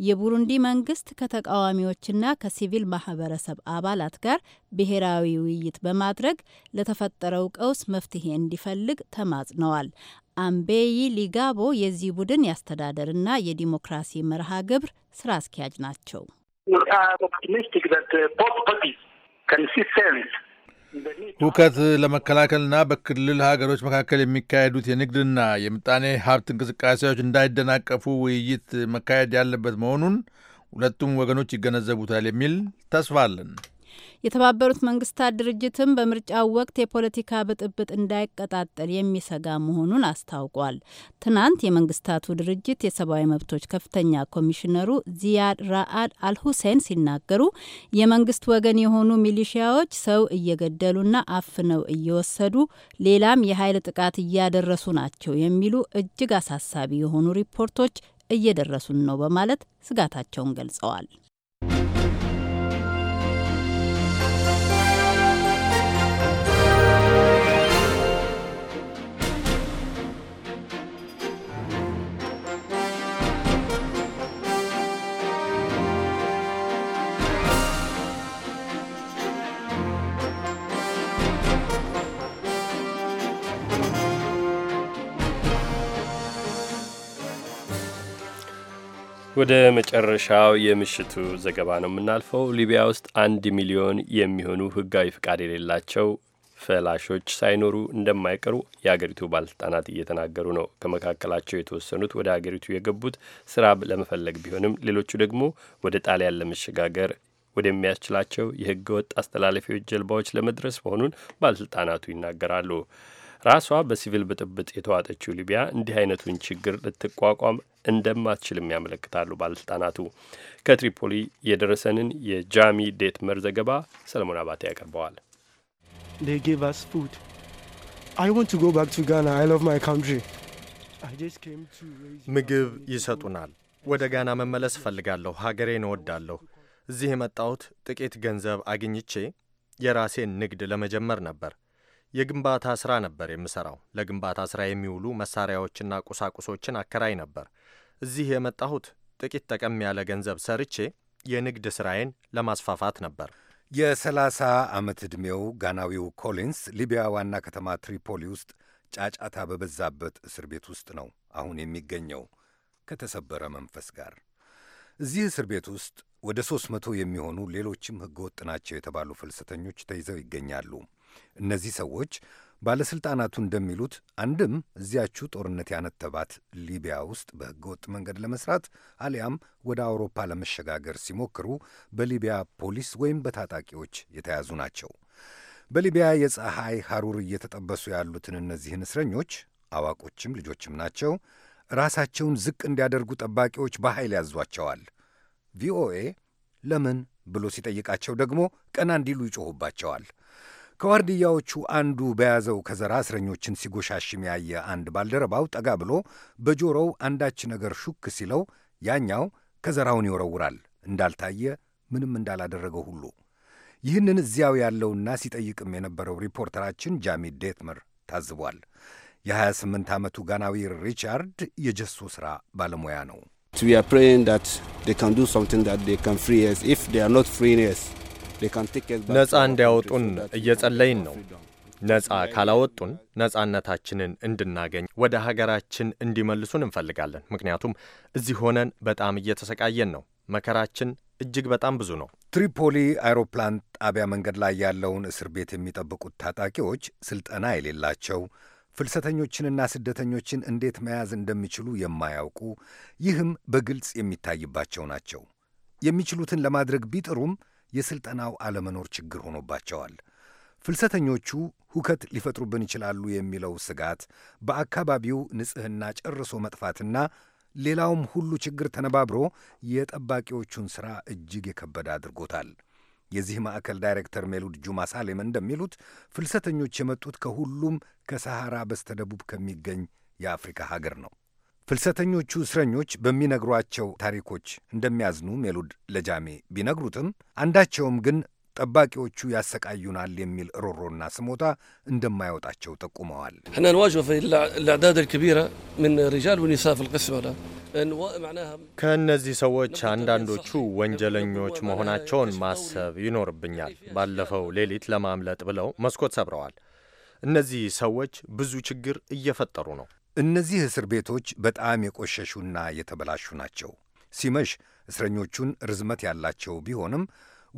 [SPEAKER 10] የቡሩንዲ መንግስት ከተቃዋሚዎችና ከሲቪል ማህበረሰብ አባላት ጋር ብሔራዊ ውይይት በማድረግ ለተፈጠረው ቀውስ መፍትሄ እንዲፈልግ ተማጽነዋል። አምቤይ ሊጋቦ የዚህ ቡድን የአስተዳደርና የዲሞክራሲ መርሃ ግብር ስራ
[SPEAKER 9] አስኪያጅ ናቸው። ሁከት ለመከላከልና በክልል ሀገሮች መካከል የሚካሄዱት የንግድና የምጣኔ ሀብት እንቅስቃሴዎች እንዳይደናቀፉ ውይይት መካሄድ ያለበት መሆኑን ሁለቱም ወገኖች ይገነዘቡታል የሚል ተስፋ አለን።
[SPEAKER 10] የተባበሩት መንግስታት ድርጅትም በምርጫው ወቅት የፖለቲካ ብጥብጥ እንዳይቀጣጠል የሚሰጋ መሆኑን አስታውቋል። ትናንት የመንግስታቱ ድርጅት የሰብአዊ መብቶች ከፍተኛ ኮሚሽነሩ ዚያድ ራአድ አልሁሴን ሲናገሩ የመንግስት ወገን የሆኑ ሚሊሺያዎች ሰው እየገደሉና አፍነው እየወሰዱ ሌላም የኃይል ጥቃት እያደረሱ ናቸው የሚሉ እጅግ አሳሳቢ የሆኑ ሪፖርቶች እየደረሱን ነው በማለት ስጋታቸውን ገልጸዋል።
[SPEAKER 3] ወደ መጨረሻው የምሽቱ ዘገባ ነው የምናልፈው። ሊቢያ ውስጥ አንድ ሚሊዮን የሚሆኑ ህጋዊ ፍቃድ የሌላቸው ፈላሾች ሳይኖሩ እንደማይቀሩ የአገሪቱ ባለስልጣናት እየተናገሩ ነው። ከመካከላቸው የተወሰኑት ወደ አገሪቱ የገቡት ስራ ለመፈለግ ቢሆንም ሌሎቹ ደግሞ ወደ ጣሊያን ለመሸጋገር ወደሚያስችላቸው የህገ ወጥ አስተላለፊዎች ጀልባዎች ለመድረስ መሆኑን ባለስልጣናቱ ይናገራሉ። ራሷ በሲቪል ብጥብጥ የተዋጠችው ሊቢያ እንዲህ አይነቱን ችግር ልትቋቋም እንደማትችልም ያመለክታሉ ባለስልጣናቱ። ከትሪፖሊ የደረሰንን የጃሚ ዴትመር ዘገባ ሰለሞን አባቴ ያቀርበዋል።
[SPEAKER 4] ምግብ ይሰጡናል። ወደ ጋና መመለስ እፈልጋለሁ። ሀገሬን እወዳለሁ። እዚህ የመጣሁት ጥቂት ገንዘብ አግኝቼ የራሴን ንግድ ለመጀመር ነበር። የግንባታ ስራ ነበር የምሰራው። ለግንባታ ስራ የሚውሉ መሳሪያዎችና ቁሳቁሶችን አከራይ ነበር። እዚህ የመጣሁት ጥቂት ጠቀም ያለ ገንዘብ ሰርቼ የንግድ ስራዬን ለማስፋፋት ነበር።
[SPEAKER 11] የ30 ዓመት ዕድሜው ጋናዊው ኮሊንስ ሊቢያ ዋና ከተማ ትሪፖሊ ውስጥ ጫጫታ በበዛበት እስር ቤት ውስጥ ነው አሁን የሚገኘው ከተሰበረ መንፈስ ጋር። እዚህ እስር ቤት ውስጥ ወደ ሦስት መቶ የሚሆኑ ሌሎችም ሕገ ወጥ ናቸው የተባሉ ፍልሰተኞች ተይዘው ይገኛሉ። እነዚህ ሰዎች ባለሥልጣናቱ እንደሚሉት አንድም እዚያችው ጦርነት ያነተባት ሊቢያ ውስጥ በሕገወጥ መንገድ ለመስራት አሊያም ወደ አውሮፓ ለመሸጋገር ሲሞክሩ በሊቢያ ፖሊስ ወይም በታጣቂዎች የተያዙ ናቸው። በሊቢያ የፀሐይ ሐሩር እየተጠበሱ ያሉትን እነዚህን እስረኞች አዋቆችም ልጆችም ናቸው። ራሳቸውን ዝቅ እንዲያደርጉ ጠባቂዎች በኃይል ያዟቸዋል። ቪኦኤ ለምን ብሎ ሲጠይቃቸው ደግሞ ቀና እንዲሉ ይጮሁባቸዋል። ከዋርድያዎቹ አንዱ በያዘው ከዘራ እስረኞችን ሲጎሻሽም ያየ አንድ ባልደረባው ጠጋ ብሎ በጆሮው አንዳች ነገር ሹክ ሲለው ያኛው ከዘራውን ይወረውራል፣ እንዳልታየ ምንም እንዳላደረገው ሁሉ። ይህንን እዚያው ያለውና ሲጠይቅም የነበረው ሪፖርተራችን ጃሚ ዴትመር ታዝቧል። የ28 ዓመቱ ጋናዊ ሪቻርድ የጀሶ ሥራ ባለሙያ ነው። ነፃ
[SPEAKER 4] እንዲያወጡን እየጸለይን ነው። ነፃ ካላወጡን ነፃነታችንን እንድናገኝ ወደ ሀገራችን እንዲመልሱን እንፈልጋለን። ምክንያቱም እዚህ ሆነን በጣም እየተሰቃየን ነው። መከራችን እጅግ በጣም ብዙ ነው።
[SPEAKER 11] ትሪፖሊ አይሮፕላን ጣቢያ መንገድ ላይ ያለውን እስር ቤት የሚጠብቁት ታጣቂዎች ስልጠና የሌላቸው ፍልሰተኞችንና ስደተኞችን እንዴት መያዝ እንደሚችሉ የማያውቁ ይህም በግልጽ የሚታይባቸው ናቸው። የሚችሉትን ለማድረግ ቢጥሩም የሥልጠናው አለመኖር ችግር ሆኖባቸዋል። ፍልሰተኞቹ ሁከት ሊፈጥሩብን ይችላሉ የሚለው ስጋት፣ በአካባቢው ንጽሕና ጨርሶ መጥፋትና ሌላውም ሁሉ ችግር ተነባብሮ የጠባቂዎቹን ሥራ እጅግ የከበደ አድርጎታል። የዚህ ማዕከል ዳይሬክተር ሜሉድ ጁማ ሳሌም እንደሚሉት ፍልሰተኞች የመጡት ከሁሉም ከሰሃራ በስተደቡብ ከሚገኝ የአፍሪካ ሀገር ነው። ፍልሰተኞቹ እስረኞች በሚነግሯቸው ታሪኮች እንደሚያዝኑ ሜሉድ ለጃሜ ቢነግሩትም አንዳቸውም ግን ጠባቂዎቹ ያሰቃዩናል የሚል ሮሮና ስሞታ እንደማይወጣቸው ጠቁመዋል።
[SPEAKER 4] ከእነዚህ ሰዎች አንዳንዶቹ ወንጀለኞች መሆናቸውን ማሰብ ይኖርብኛል። ባለፈው
[SPEAKER 11] ሌሊት ለማምለጥ ብለው መስኮት ሰብረዋል። እነዚህ ሰዎች ብዙ ችግር እየፈጠሩ ነው። እነዚህ እስር ቤቶች በጣም የቆሸሹና የተበላሹ ናቸው። ሲመሽ እስረኞቹን ርዝመት ያላቸው ቢሆንም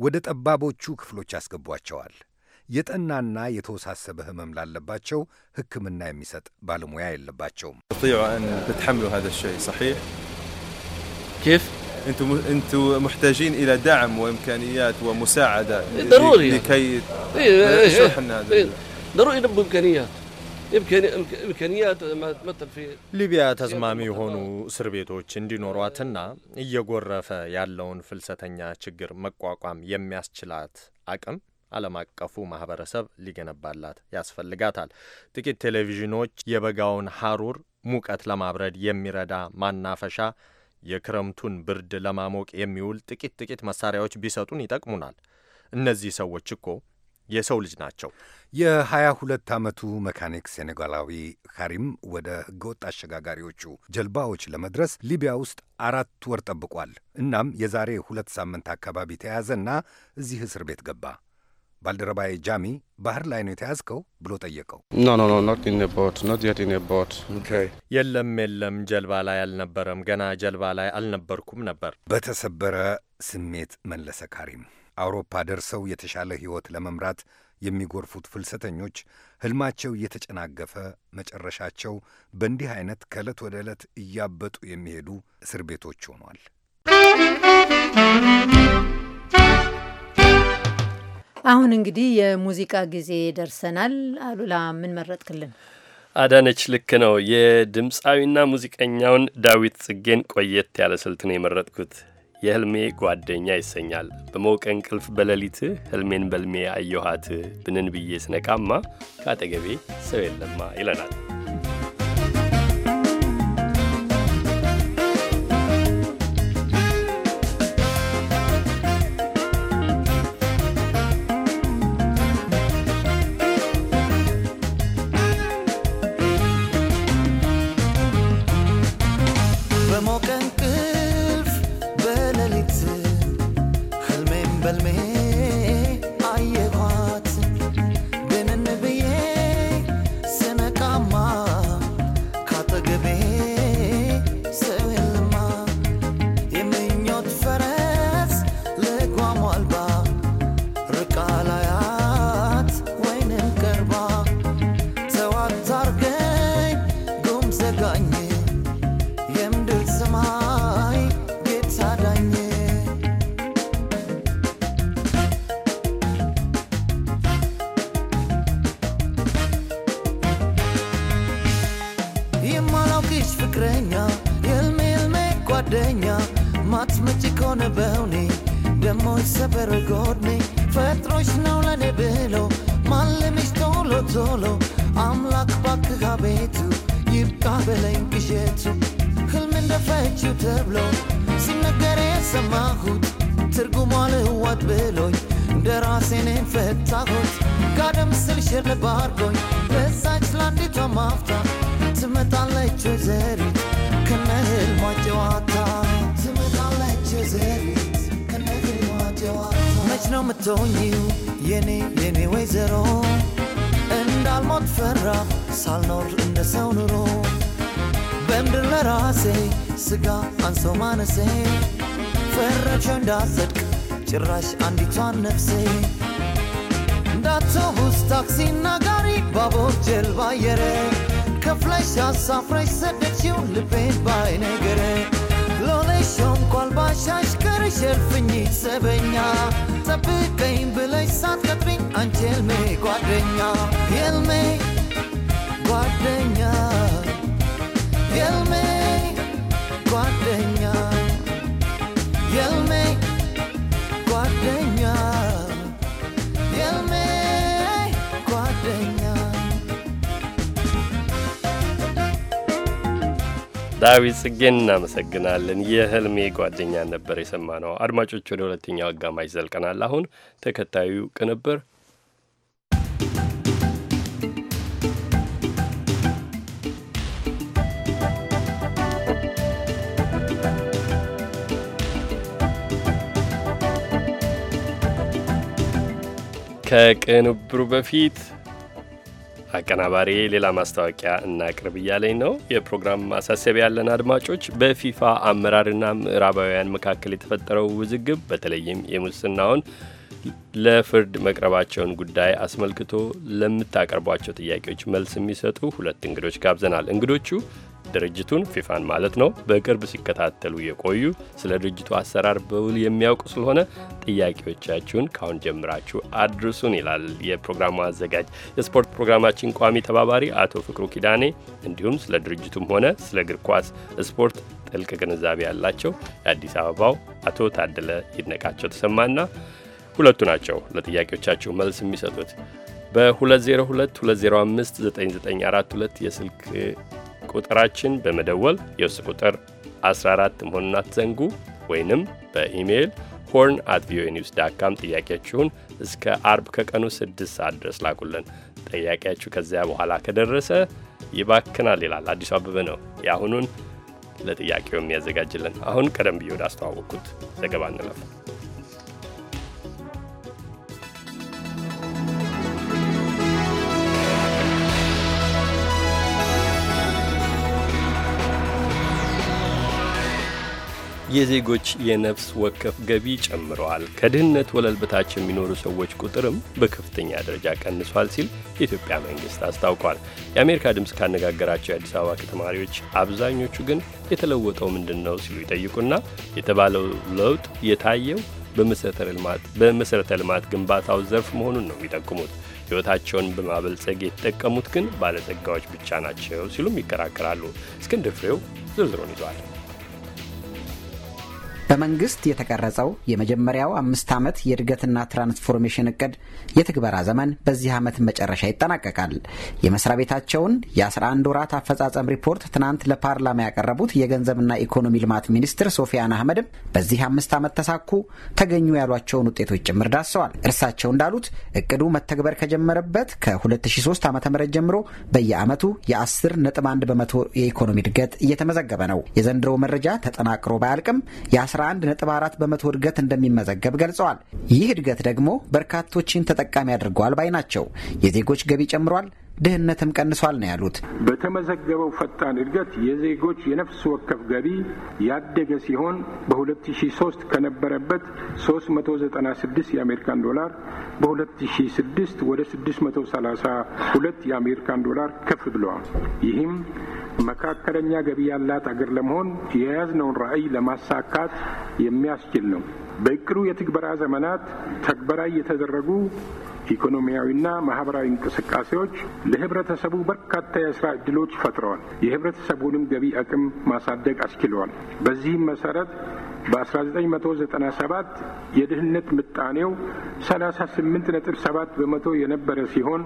[SPEAKER 11] ወደ ጠባቦቹ ክፍሎች ያስገቧቸዋል። የጠናና የተወሳሰበ ሕመም ላለባቸው ሕክምና የሚሰጥ ባለሙያ
[SPEAKER 12] የለባቸውም። كيف؟ انتم انتم محتاجين الى دعم وامكانيات ومساعده ضروري لكي تشرح لنا ضروري نبوا امكانيات
[SPEAKER 4] ሊቢያ ተስማሚ የሆኑ እስር ቤቶች እንዲኖሯትና እየጎረፈ ያለውን ፍልሰተኛ ችግር መቋቋም የሚያስችላት አቅም ዓለም አቀፉ ማህበረሰብ ሊገነባላት ያስፈልጋታል። ጥቂት ቴሌቪዥኖች የበጋውን ሐሩር ሙቀት ለማብረድ የሚረዳ ማናፈሻ፣ የክረምቱን ብርድ ለማሞቅ የሚውል ጥቂት ጥቂት መሳሪያዎች ቢሰጡን ይጠቅሙናል። እነዚህ ሰዎች እኮ
[SPEAKER 11] የሰው ልጅ ናቸው። የ22 ዓመቱ መካኒክ ሴኔጋላዊ ካሪም ወደ ህገወጥ አሸጋጋሪዎቹ ጀልባዎች ለመድረስ ሊቢያ ውስጥ አራት ወር ጠብቋል። እናም የዛሬ ሁለት ሳምንት አካባቢ ተያዘና እዚህ እስር ቤት ገባ። ባልደረባዬ ጃሚ ባህር ላይ ነው የተያዝከው ብሎ ጠየቀው።
[SPEAKER 4] የለም የለም፣ ጀልባ ላይ አልነበረም። ገና ጀልባ ላይ አልነበርኩም ነበር።
[SPEAKER 11] በተሰበረ ስሜት መለሰ ካሪም። አውሮፓ ደርሰው የተሻለ ሕይወት ለመምራት የሚጎርፉት ፍልሰተኞች ሕልማቸው እየተጨናገፈ መጨረሻቸው በእንዲህ አይነት ከዕለት ወደ ዕለት እያበጡ የሚሄዱ እስር ቤቶች ሆኗል።
[SPEAKER 2] አሁን እንግዲህ የሙዚቃ ጊዜ ደርሰናል። አሉላ ምን መረጥክልን?
[SPEAKER 3] አዳነች ልክ ነው። የድምፃዊና ሙዚቀኛውን ዳዊት ጽጌን ቆየት ያለ ስልት ነው የመረጥኩት። የህልሜ ጓደኛ ይሰኛል። በሞቀ እንቅልፍ በሌሊት ህልሜን በልሜ አየኋት ብንን ብዬ ስነቃማ ከአጠገቤ ሰው የለማ ይለናል።
[SPEAKER 13] አውቶቡስ፣ ታክሲና ጋሪ፣ ባቡር፣ ጀልባ፣ አየር ከፍለሽ አሳፍረሽ ሰደድሽው ልቤን ባይነገር ሎለሽ ሾንኳል ባሻሽከርሽ እልፍኝ ሰበኛ ጠብቀኝ ብለሽ ሳትቀጥሪኝ አንቺ የልሜ ጓደኛ የልሜ ጓደኛ የልሜ ጓደኛ የልሜ
[SPEAKER 3] ዳዊት ጽጌን እናመሰግናለን። የህልሜ ጓደኛ ነበር የሰማ ነው። አድማጮች ወደ ሁለተኛው አጋማሽ ዘልቀናል። አሁን ተከታዩ ቅንብር ከቅንብሩ በፊት አቀናባሪ ሌላ ማስታወቂያ እናቅርብ እያለኝ ነው። የፕሮግራም ማሳሰብ ያለን አድማጮች፣ በፊፋ አመራርና ምዕራባውያን መካከል የተፈጠረው ውዝግብ በተለይም የሙስናውን ለፍርድ መቅረባቸውን ጉዳይ አስመልክቶ ለምታቀርቧቸው ጥያቄዎች መልስ የሚሰጡ ሁለት እንግዶች ጋብዘናል። እንግዶቹ ድርጅቱን ፊፋን ማለት ነው በቅርብ ሲከታተሉ የቆዩ ስለ ድርጅቱ አሰራር በውል የሚያውቁ ስለሆነ ጥያቄዎቻችሁን ካሁን ጀምራችሁ አድርሱን ይላል የፕሮግራሙ አዘጋጅ የስፖርት ፕሮግራማችን ቋሚ ተባባሪ አቶ ፍቅሩ ኪዳኔ እንዲሁም ስለ ድርጅቱም ሆነ ስለ እግር ኳስ ስፖርት ጥልቅ ግንዛቤ ያላቸው የአዲስ አበባው አቶ ታደለ ይድነቃቸው ተሰማና ሁለቱ ናቸው ለጥያቄዎቻችሁ መልስ የሚሰጡት። በ2022059942 የስልክ ቁጥራችን በመደወል የውስጥ ቁጥር 14 መሆኑን አትዘንጉ። ወይንም በኢሜይል ሆርን አት ቪኦኤ ኒውስ ዳት ካም ጥያቄያችሁን እስከ አርብ ከቀኑ 6 ሰዓት ድረስ ላኩልን። ጥያቄያችሁ ከዚያ በኋላ ከደረሰ ይባክናል ይላል አዲሱ አበበ ነው የአሁኑን ለጥያቄው የሚያዘጋጅልን። አሁን ቀደም ብዬ ወደ አስተዋወቅኩት ዘገባ እንለፍ። የዜጎች የነፍስ ወከፍ ገቢ ጨምረዋል፣ ከድህነት ወለል በታች የሚኖሩ ሰዎች ቁጥርም በከፍተኛ ደረጃ ቀንሷል ሲል የኢትዮጵያ መንግስት አስታውቋል። የአሜሪካ ድምፅ ካነጋገራቸው የአዲስ አበባ ከተማሪዎች አብዛኞቹ ግን የተለወጠው ምንድን ነው ሲሉ ይጠይቁና የተባለው ለውጥ የታየው በመሠረተ ልማት ግንባታው ዘርፍ መሆኑን ነው የሚጠቁሙት። ሕይወታቸውን በማበልጸግ የተጠቀሙት ግን ባለጸጋዎች ብቻ ናቸው ሲሉም ይከራከራሉ። እስክንድር ፍሬው ዝርዝሩን ይዟል።
[SPEAKER 8] በመንግስት የተቀረጸው የመጀመሪያው አምስት ዓመት የእድገትና ትራንስፎርሜሽን እቅድ የትግበራ ዘመን በዚህ ዓመት መጨረሻ ይጠናቀቃል። የመስሪያ ቤታቸውን የ11 ወራት አፈጻጸም ሪፖርት ትናንት ለፓርላማ ያቀረቡት የገንዘብና ኢኮኖሚ ልማት ሚኒስትር ሶፊያን አህመድም በዚህ አምስት ዓመት ተሳኩ ተገኙ ያሏቸውን ውጤቶች ጭምር ዳሰዋል። እርሳቸው እንዳሉት እቅዱ መተግበር ከጀመረበት ከ2003 ዓ ም ጀምሮ በየዓመቱ የ10.1 በመቶ የኢኮኖሚ እድገት እየተመዘገበ ነው። የዘንድሮ መረጃ ተጠናቅሮ ባያልቅም የ 11.4 በመቶ እድገት እንደሚመዘገብ ገልጸዋል። ይህ እድገት ደግሞ በርካቶችን ተጠቃሚ አድርገዋል ባይ ናቸው። የዜጎች ገቢ ጨምሯል፣ ድህነትም ቀንሷል ነው ያሉት።
[SPEAKER 6] በተመዘገበው ፈጣን እድገት የዜጎች የነፍስ ወከፍ ገቢ ያደገ ሲሆን በ2003 ከነበረበት 396 የአሜሪካን ዶላር በ2006 ወደ 632 የአሜሪካን ዶላር ከፍ ብለዋል። ይህም መካከለኛ ገቢ ያላት አገር ለመሆን የያዝነውን ራዕይ ለማሳካት የሚያስችል ነው። በእቅዱ የትግበራ ዘመናት ተግበራዊ የተደረጉ ኢኮኖሚያዊና ማህበራዊ እንቅስቃሴዎች ለህብረተሰቡ በርካታ የስራ እድሎች ፈጥረዋል። የህብረተሰቡንም ገቢ አቅም ማሳደግ አስችለዋል። በዚህም መሰረት በ1997 የድህነት ምጣኔው 38.7 በመቶ የነበረ ሲሆን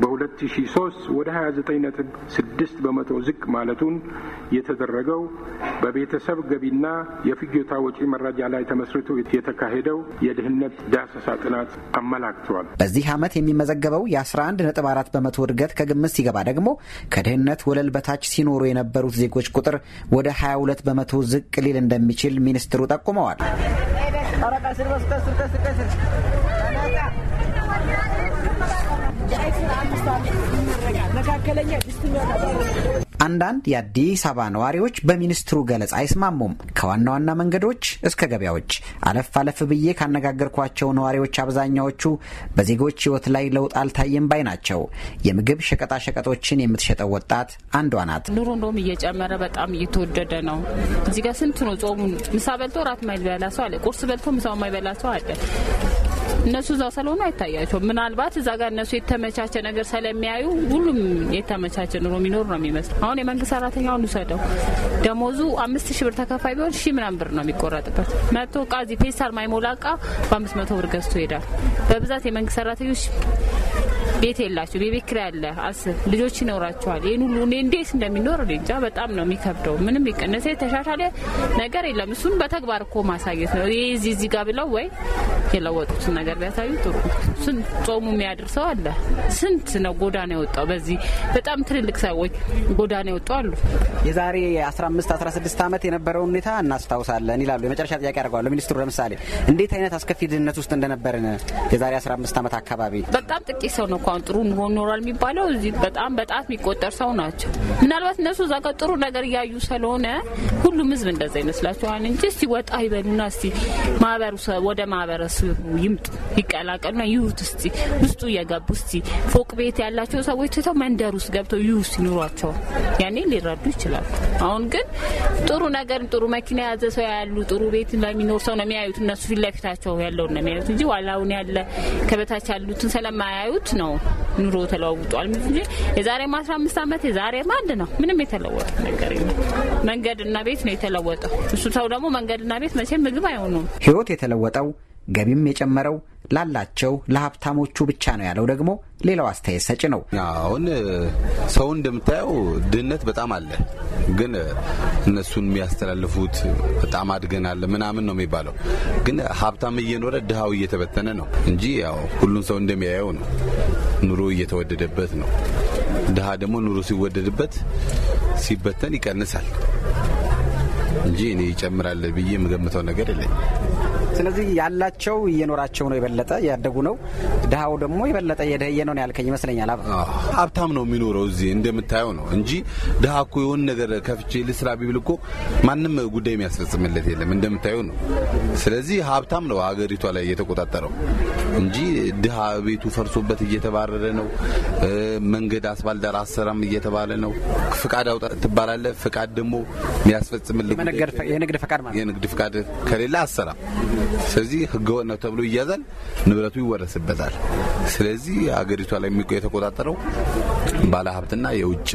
[SPEAKER 6] በ2003 ወደ 29.6 በመቶ ዝቅ ማለቱን የተደረገው በቤተሰብ ገቢና የፍጆታ ወጪ መረጃ ላይ ተመስርቶ የተካሄደው የድህነት ዳሰሳ ጥናት አመላክተዋል።
[SPEAKER 8] በዚህ ዓመት የሚመዘገበው የ11.4 በመቶ እድገት ከግምት ሲገባ ደግሞ ከድህነት ወለል በታች ሲኖሩ የነበሩት ዜጎች ቁጥር ወደ 22 በመቶ ዝቅ ሊል እንደሚችል ሚኒስትሩ ጠቁመዋል። كلا يعجز አንዳንድ የአዲስ አበባ ነዋሪዎች በሚኒስትሩ ገለጻ አይስማሙም። ከዋና ዋና መንገዶች እስከ ገበያዎች አለፍ አለፍ ብዬ ካነጋገርኳቸው ነዋሪዎች አብዛኛዎቹ በዜጎች ሕይወት ላይ ለውጥ አልታየም ባይ ናቸው። የምግብ ሸቀጣሸቀጦችን የምትሸጠው ወጣት አንዷ ናት።
[SPEAKER 7] ኑሮ እንደውም እየጨመረ በጣም እየተወደደ ነው። እዚህ ጋር ስንት ነው ጾሙ? ምሳ በልቶ ራት ማይበላ ሰው አለ። ቁርስ በልቶ ምሳ ማይበላ ሰው አለ። እነሱ እዛው ስለሆኑ አይታያቸው። ምናልባት እዛ ጋር እነሱ የተመቻቸ ነገር ስለሚያዩ ሁሉም የተመቻቸ ኑሮ የሚኖሩ ነው የሚመስለው። አሁን የመንግስት ሰራተኛውን ሰደው ደሞዙ አምስት ሺ ብር ተከፋይ ቢሆን ሺ ምናምን ብር ነው የሚቆረጥበት። መቶ እቃ እዚህ ፌስታል ማይሞላ እቃ በአምስት መቶ ብር ገዝቶ ይሄዳል። በብዛት የመንግስት ሰራተኞች ቤት የላቸው ቤት ኪራይ አለ። ልጆች ይኖራቸዋል። ይህን ሁሉ እኔ እንዴት እንደሚኖር እንጃ። በጣም ነው የሚከብደው። ምንም ይቀነሰ የተሻሻለ ነገር የለም። እሱን በተግባር እኮ ማሳየት ነው። ይህ እዚህ እዚህ ጋር ብለው ወይ የለወጡትን ነገር ቢያሳዩ ጥሩ። ስንት ጾሙ የሚያድር ሰው አለ። ስንት ነው ጎዳና የወጣው። በዚህ በጣም ትልልቅ ሰዎች ጎዳና የወጡ አሉ።
[SPEAKER 8] የዛሬ 15 16 ዓመት የነበረውን ሁኔታ እናስታውሳለን ይላሉ። የመጨረሻ ጥያቄ አድርገዋል ሚኒስትሩ። ለምሳሌ እንዴት አይነት አስከፊ ድህነት ውስጥ እንደነበርን የዛሬ 15 ዓመት አካባቢ በጣም
[SPEAKER 7] ጥቂት ሰው ነው እንኳን ጥሩ ሆኖ ኖሯል የሚባለው እዚህ በጣም በጣት የሚቆጠር ሰው ናቸው። ምናልባት እነሱ እዛ ጋር ጥሩ ነገር እያዩ ስለሆነ ሁሉም ህዝብ እንደዛ ይመስላቸዋል እንጂ እስቲ ወጣ ይበሉና እስቲ ማህበሩ ወደ ማህበረሱ ይምጡ፣ ይቀላቀሉ ና ይሁት ውስጥ ውስጡ እየገቡ ውስጥ ፎቅ ቤት ያላቸው ሰዎች ትተው መንደር ውስጥ ገብተው ይሁት ይኑሯቸው፣ ያኔ ሊረዱ ይችላሉ። አሁን ግን ጥሩ ነገር ጥሩ መኪና የያዘ ሰው ያሉ ጥሩ ቤት ለሚኖር ሰው ነው የሚያዩት። እነሱ ፊት ለፊታቸው ያለውን ነው የሚያዩት እንጂ ዋላውን ያለ ከበታች ያሉትን ስለማያዩት ነው ኑሮ ተለዋውጧል እንጂ የዛሬ አስራ አምስት አመት የዛሬ አንድ ነው። ምንም የተለወጠ ነገር መንገድና ቤት ነው የተለወጠው። እሱ ሰው ደግሞ መንገድና ቤት መቼም ምግብ አይሆኑም።
[SPEAKER 8] ህይወት የተለወጠው ገቢም የጨመረው ላላቸው ለሀብታሞቹ ብቻ ነው ያለው ደግሞ ሌላው አስተያየት ሰጭ ነው።
[SPEAKER 12] አሁን ሰው እንደምታየው ድህነት በጣም አለ፣ ግን እነሱን የሚያስተላልፉት በጣም አድገናል ምናምን ነው የሚባለው። ግን ሀብታም እየኖረ ድሃው እየተበተነ ነው እንጂ ያው ሁሉም ሰው እንደሚያየው ነው። ኑሮ እየተወደደበት ነው። ድሃ ደግሞ ኑሮ ሲወደድበት ሲበተን ይቀንሳል እንጂ እኔ ይጨምራል ብዬ የምገምተው ነገር የለኝም።
[SPEAKER 8] ስለዚህ ያላቸው እየኖራቸው ነው የበለጠ ያደጉ ነው፣ ድሃው ደግሞ የበለጠ እየደህየ ነው ያልከኝ ይመስለኛል።
[SPEAKER 12] ሀብታም ነው የሚኖረው እዚህ እንደምታየው ነው እንጂ ድሃ እኮ የሆነ ነገር ከፍቼ ልስራ ቢብል እኮ ማንም ጉዳይ የሚያስፈጽምለት የለም እንደምታየው ነው። ስለዚህ ሀብታም ነው ሀገሪቷ ላይ እየተቆጣጠረው እንጂ ድሃ ቤቱ ፈርሶበት እየተባረረ ነው። መንገድ አስፋልት ዳር አሰራም እየተባለ ነው። ፍቃድ አውጣ ትባላለህ። ፍቃድ ደግሞ የሚያስፈጽምልህ የንግድ ፍቃድ ከሌለ አሰራም ስለዚህ ህገወጥ ነው ተብሎ ይያዛል፣ ንብረቱ ይወረስበታል። ስለዚህ አገሪቷ ላይ የተቆጣጠረው ባለሀብትና የውጭ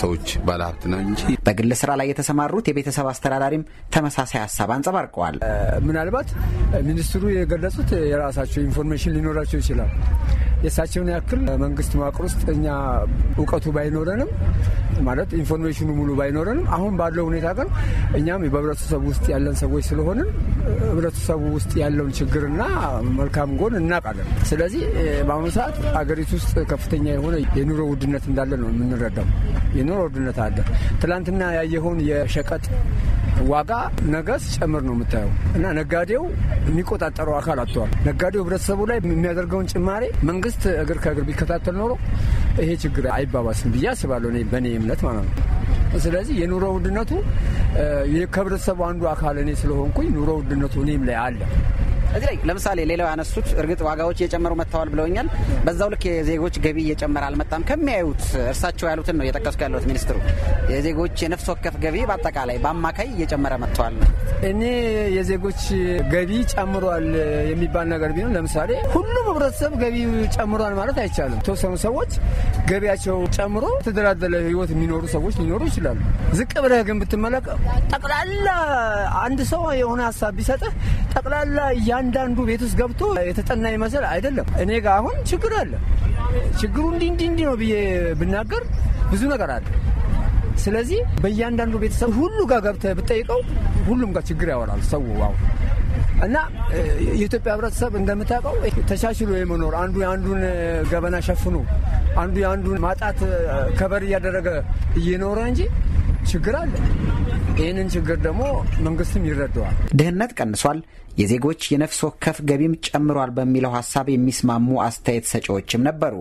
[SPEAKER 12] ሰዎች ባለሀብት ነው እንጂ በግል ስራ ላይ የተሰማሩት የቤተሰብ አስተዳዳሪም ተመሳሳይ ሀሳብ
[SPEAKER 8] አንጸባርቀዋል።
[SPEAKER 14] ምናልባት ሚኒስትሩ የገለጹት የራሳቸው ኢንፎርሜሽን ሊኖራቸው ይችላል። የእሳቸውን ያክል መንግስት መዋቅር ውስጥ እኛ እውቀቱ ባይኖረንም ማለት ኢንፎርሜሽኑ ሙሉ ባይኖረንም አሁን ባለው ሁኔታ ግን እኛም በህብረተሰቡ ውስጥ ያለን ሰዎች ስለሆንን ህብረተሰቡ ውስጥ ያለውን ችግርና መልካም ጎን እናውቃለን። ስለዚህ በአሁኑ ሰዓት አገሪቱ ውስጥ ከፍተኛ የሆነ የኑሮ ውድነት እንዳለ ነው የምንረዳው። አለው፣ የኑሮ ውድነት አለ። ትላንትና ያየኸውን የሸቀጥ ዋጋ ነገስ ጨምር ነው የምታየው። እና ነጋዴው የሚቆጣጠረው አካል አጥተዋል። ነጋዴው ህብረተሰቡ ላይ የሚያደርገውን ጭማሬ መንግስት እግር ከእግር ቢከታተል ኖሮ ይሄ ችግር አይባባስም ብዬ አስባለሁ፣ በእኔ እምነት ማለት ነው። ስለዚህ የኑሮ ውድነቱ ከህብረተሰቡ አንዱ አካል እኔ ስለሆንኩኝ
[SPEAKER 8] ኑሮ ውድነቱ እኔም ላይ አለ። እዚህ ላይ ለምሳሌ ሌላው ያነሱት እርግጥ ዋጋዎች እየጨመሩ መጥተዋል ብለውኛል። በዛው ልክ የዜጎች ገቢ እየጨመረ አልመጣም ከሚያዩት እርሳቸው ያሉትን ነው እየጠቀስኩ ያለሁት ሚኒስትሩ የዜጎች የነፍስ ወከፍ ገቢ በአጠቃላይ በአማካይ እየጨመረ መጥተዋል። እኔ
[SPEAKER 14] የዜጎች ገቢ ጨምሯል የሚባል ነገር ቢሆን ለምሳሌ ሁሉም ህብረተሰብ ገቢ ጨምሯል ማለት አይቻልም። የተወሰኑ ሰዎች ገቢያቸው ጨምሮ የተደላደለ ህይወት የሚኖሩ ሰዎች ሊኖሩ ይችላሉ። ዝቅ ብለህ ግን ብትመለከ ጠቅላላ አንድ ሰው የሆነ ሀሳብ ቢሰጥህ ጠቅላላ እያ እያንዳንዱ ቤት ውስጥ ገብቶ የተጠና ይመስል አይደለም። እኔ ጋር አሁን ችግር አለ። ችግሩ እንዲህ እንዲህ እንዲህ ነው ብዬ ብናገር ብዙ ነገር አለ። ስለዚህ በእያንዳንዱ ቤተሰብ ሁሉ ጋር ገብተህ ብጠይቀው ሁሉም ጋር ችግር ያወራል ሰው አሁን እና የኢትዮጵያ ህብረተሰብ እንደምታውቀው ተሻሽሎ የመኖር አንዱ የአንዱን ገበና ሸፍኖ አንዱ የአንዱን ማጣት ከበር እያደረገ እየኖረ እንጂ ችግር አለ። ይህንን ችግር ደግሞ መንግስትም ይረዳዋል።
[SPEAKER 8] ድህነት ቀንሷል፣ የዜጎች የነፍስ ወከፍ ገቢም ጨምሯል በሚለው ሀሳብ የሚስማሙ አስተያየት ሰጪዎችም ነበሩ።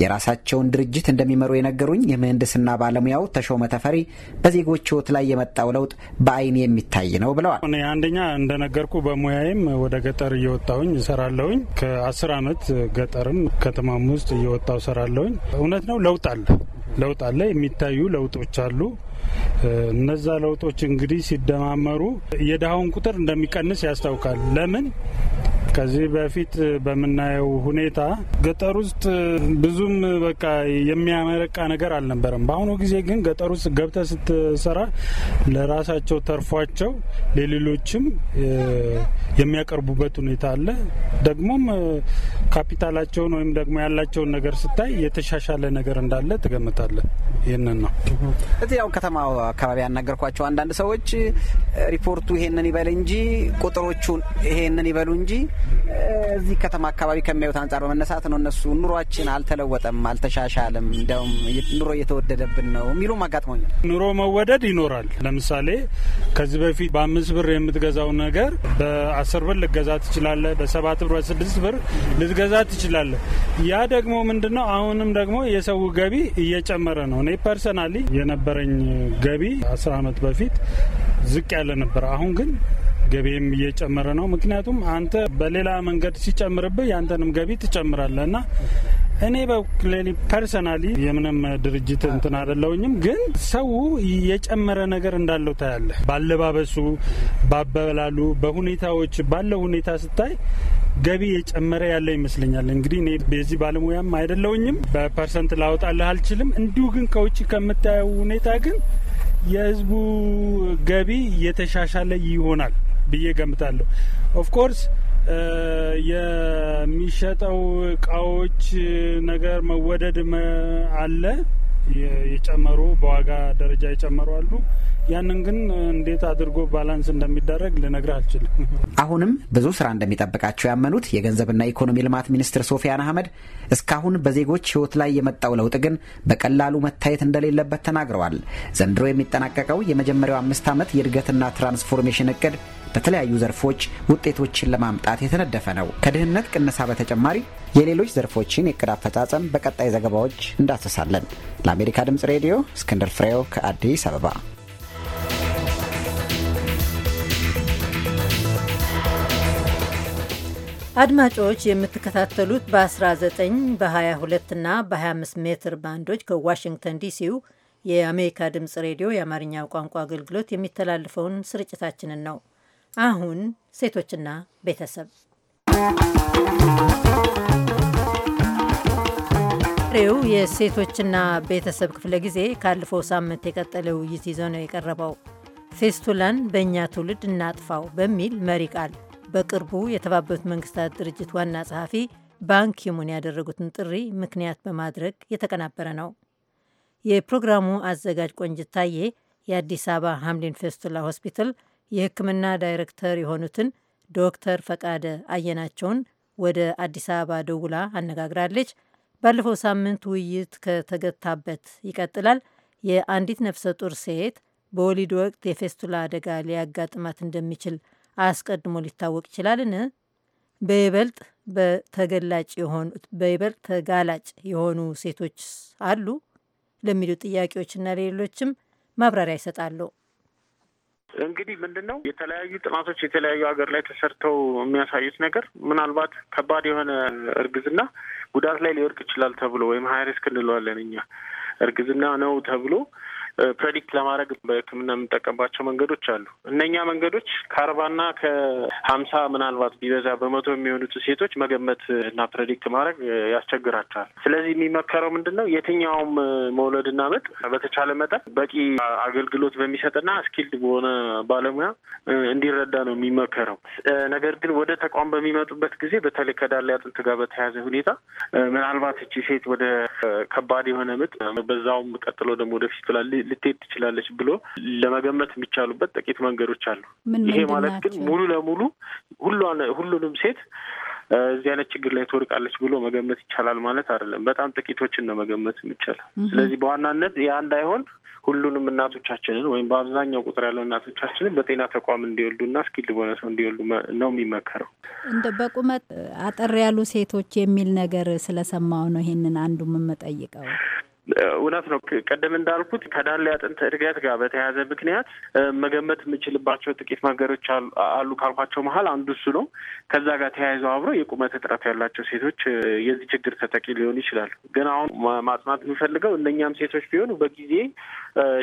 [SPEAKER 8] የራሳቸውን ድርጅት እንደሚመሩ የነገሩኝ የምህንድስና ባለሙያው ተሾመ ተፈሪ በዜጎች ህይወት ላይ የመጣው ለውጥ በአይን የሚታይ ነው ብለዋል። እኔ አንደኛ
[SPEAKER 15] እንደነገርኩ በሙያዬም ወደ ገጠር እየወጣሁኝ እሰራለሁኝ። ከአስር አመት ገጠርም ከተማም ውስጥ እየወጣሁ እሰራለሁኝ። እውነት ነው ለውጥ አለ፣ ለውጥ አለ። የሚታዩ ለውጦች አሉ። እነዛ ለውጦች እንግዲህ ሲደማመሩ የድሃውን ቁጥር እንደሚቀንስ ያስታውቃል። ለምን ከዚህ በፊት በምናየው ሁኔታ ገጠር ውስጥ ብዙም በቃ የሚያመረቃ ነገር አልነበረም። በአሁኑ ጊዜ ግን ገጠር ውስጥ ገብተ ስትሰራ ለራሳቸው ተርፏቸው ለሌሎችም የሚያቀርቡበት ሁኔታ አለ። ደግሞም ካፒታላቸውን ወይም ደግሞ ያላቸውን ነገር ስታይ የተሻሻለ ነገር እንዳለ ትገምታለህ። ይህንን ነው
[SPEAKER 8] እዚህ ያው ከተማ አካባቢ ያናገርኳቸው አንዳንድ ሰዎች ሪፖርቱ ይሄንን ይበል እንጂ ቁጥሮቹን ይሄንን ይበሉ እንጂ እዚህ ከተማ አካባቢ ከሚያዩት አንጻር በመነሳት ነው እነሱ ኑሯችን አልተለወጠም፣ አልተሻሻልም፣ እንደውም ኑሮ እየተወደደብን ነው የሚሉም አጋጥሞኛል።
[SPEAKER 15] ኑሮ መወደድ ይኖራል። ለምሳሌ ከዚህ በፊት በአምስት ብር የምትገዛው ነገር በአስር ብር ልገዛ ትችላለ፣ በሰባት ብር በስድስት ብር ልትገዛ ትችላለ። ያ ደግሞ ምንድነው አሁንም ደግሞ የሰው ገቢ እየጨመረ ነው። እኔ ፐርሰናሊ የነበረኝ ገቢ አስር አመት በፊት ዝቅ ያለ ነበር። አሁን ግን ገቢም እየጨመረ ነው። ምክንያቱም አንተ በሌላ መንገድ ሲጨምርብህ ያንተንም ገቢ ትጨምራለህ እና እኔ በኩሌ ፐርሰናሊ የምንም ድርጅት እንትን አደለውኝም፣ ግን ሰው የጨመረ ነገር እንዳለው ታያለ። ባለባበሱ፣ ባበላሉ፣ በሁኔታዎች ባለው ሁኔታ ስታይ ገቢ የጨመረ ያለ ይመስለኛል። እንግዲህ እኔ በዚህ ባለሙያም አይደለውኝም፣ በፐርሰንት ላወጣልህ አልችልም። እንዲሁ ግን ከውጭ ከምታየው ሁኔታ ግን የህዝቡ ገቢ እየተሻሻለ ይሆናል። ብዬ ገምታለሁ። ኦፍኮርስ የሚሸጠው እቃዎች ነገር መወደድ አለ። የጨመሩ በዋጋ ደረጃ የጨመሩ አሉ። ያንን ግን እንዴት አድርጎ ባላንስ እንደሚደረግ ልነግር አልችልም።
[SPEAKER 8] አሁንም ብዙ ስራ እንደሚጠብቃቸው ያመኑት የገንዘብና ኢኮኖሚ ልማት ሚኒስትር ሶፊያን አህመድ እስካሁን በዜጎች ሕይወት ላይ የመጣው ለውጥ ግን በቀላሉ መታየት እንደሌለበት ተናግረዋል። ዘንድሮ የሚጠናቀቀው የመጀመሪያው አምስት ዓመት የእድገትና ትራንስፎርሜሽን እቅድ በተለያዩ ዘርፎች ውጤቶችን ለማምጣት የተነደፈ ነው። ከድህነት ቅነሳ በተጨማሪ የሌሎች ዘርፎችን የእቅድ አፈጻጸም በቀጣይ ዘገባዎች እንዳሰሳለን። ለአሜሪካ ድምፅ ሬዲዮ እስክንድር ፍሬው ከአዲስ አበባ
[SPEAKER 2] አድማጮች የምትከታተሉት በ19 በ22 እና በ25 ሜትር ባንዶች ከዋሽንግተን ዲሲው የአሜሪካ ድምፅ ሬዲዮ የአማርኛው ቋንቋ አገልግሎት የሚተላለፈውን ስርጭታችንን ነው። አሁን ሴቶችና ቤተሰብ ሬው የሴቶችና ቤተሰብ ክፍለ ጊዜ ካለፈው ሳምንት የቀጠለ ውይይት ይዞ ነው የቀረበው። ፌስቱላን በእኛ ትውልድ እናጥፋው በሚል መሪ ቃል በቅርቡ የተባበሩት መንግስታት ድርጅት ዋና ጸሐፊ ባንኪሙን ያደረጉትን ጥሪ ምክንያት በማድረግ የተቀናበረ ነው። የፕሮግራሙ አዘጋጅ ቆንጅት ታዬ የአዲስ አበባ ሐምሊን ፌስቱላ ሆስፒታል የሕክምና ዳይሬክተር የሆኑትን ዶክተር ፈቃደ አየናቸውን ወደ አዲስ አበባ ደውላ አነጋግራለች። ባለፈው ሳምንት ውይይት ከተገታበት ይቀጥላል። የአንዲት ነፍሰ ጡር ሴት በወሊድ ወቅት የፌስቱላ አደጋ ሊያጋጥማት እንደሚችል አስቀድሞ ሊታወቅ ይችላልን? በይበልጥ በተገላጭ የሆኑ በይበልጥ ተጋላጭ የሆኑ ሴቶች አሉ ለሚሉ ጥያቄዎችና ሌሎችም ማብራሪያ ይሰጣሉ።
[SPEAKER 16] እንግዲህ ምንድን ነው የተለያዩ ጥናቶች የተለያዩ ሀገር ላይ ተሰርተው የሚያሳዩት ነገር ምናልባት ከባድ የሆነ እርግዝና ጉዳት ላይ ሊወድቅ ይችላል ተብሎ ወይም ሀይ ሪስክ እንለዋለን እኛ እርግዝና ነው ተብሎ ፕሬዲክት ለማድረግ በህክምና የምንጠቀምባቸው መንገዶች አሉ። እነኛ መንገዶች ከአርባና ከሀምሳ ምናልባት ቢበዛ በመቶ የሚሆኑት ሴቶች መገመት እና ፕሬዲክት ማድረግ ያስቸግራቸዋል። ስለዚህ የሚመከረው ምንድን ነው? የትኛውም መውለድና ምጥ በተቻለ መጠን በቂ አገልግሎት በሚሰጥና ስኪልድ በሆነ ባለሙያ እንዲረዳ ነው የሚመከረው። ነገር ግን ወደ ተቋም በሚመጡበት ጊዜ በተለይ ከዳሌ አጥንት ጋር በተያያዘ ሁኔታ ምናልባት እቺ ሴት ወደ ከባድ የሆነ ምጥ በዛውም ቀጥሎ ደግሞ ወደፊት ላል ልትሄድ ትችላለች ብሎ ለመገመት የሚቻሉበት ጥቂት መንገዶች አሉ።
[SPEAKER 10] ይሄ ማለት ግን
[SPEAKER 16] ሙሉ ለሙሉ ሁሉንም ሴት እዚህ አይነት ችግር ላይ ትወድቃለች ብሎ መገመት ይቻላል ማለት አይደለም። በጣም ጥቂቶችን ነው መገመት የሚቻል። ስለዚህ በዋናነት ያ እንዳይሆን ሁሉንም እናቶቻችንን ወይም በአብዛኛው ቁጥር ያለው እናቶቻችንን በጤና ተቋም እንዲወልዱና ስኪል በሆነ ሰው እንዲወልዱ ነው የሚመከረው።
[SPEAKER 10] እንደ በቁመት አጠር ያሉ ሴቶች የሚል ነገር ስለሰማው ነው ይሄንን አንዱ የምመጠይቀው።
[SPEAKER 16] እውነት ነው። ቀደም እንዳልኩት ከዳሌ አጥንት እድገት ጋር በተያያዘ ምክንያት መገመት የምንችልባቸው ጥቂት መንገዶች አሉ ካልኳቸው መሀል አንዱ እሱ ነው። ከዛ ጋር ተያይዘው አብሮ የቁመት እጥረት ያላቸው ሴቶች የዚህ ችግር ተጠቂ ሊሆኑ ይችላል ግን አሁን ማጽናት የምፈልገው እነኛም ሴቶች ቢሆኑ በጊዜ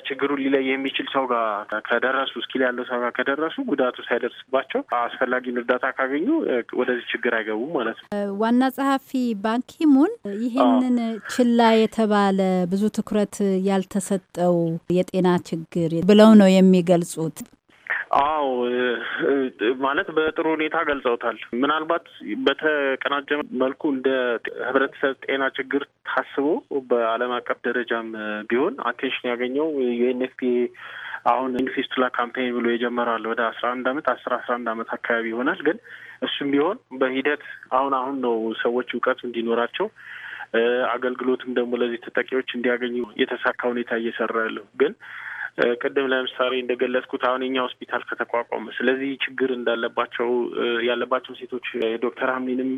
[SPEAKER 16] ችግሩን ሊለይ የሚችል ሰው ጋር ከደረሱ እስኪል ያለው ሰው ጋር ከደረሱ ጉዳቱ ሳይደርስባቸው አስፈላጊውን እርዳታ ካገኙ ወደዚህ ችግር አይገቡም ማለት ነው።
[SPEAKER 10] ዋና ጸሐፊ ባንኪሙን ይህንን ችላ የተባለ ብዙ ትኩረት ያልተሰጠው የጤና ችግር ብለው ነው የሚገልጹት።
[SPEAKER 16] አዎ ማለት በጥሩ ሁኔታ ገልጸውታል። ምናልባት በተቀናጀ መልኩ እንደ ህብረተሰብ ጤና ችግር ታስቦ በዓለም አቀፍ ደረጃም ቢሆን አቴንሽን ያገኘው ዩኤንኤፍፒ አሁን ኢንፊስቱላ ካምፔን ብሎ የጀመራል ወደ አስራ አንድ አመት አስራ አስራ አንድ አመት አካባቢ ይሆናል። ግን እሱም ቢሆን በሂደት አሁን አሁን ነው ሰዎች እውቀቱ እንዲኖራቸው አገልግሎትም ደግሞ ለዚህ ተጠቂዎች እንዲያገኙ የተሳካ ሁኔታ እየሰራ ያለው ግን ቅድም ለምሳሌ እንደገለጽኩት አሁን የኛ ሆስፒታል ከተቋቋመ ስለዚህ ችግር እንዳለባቸው ያለባቸው ሴቶች ዶክተር አምኒንም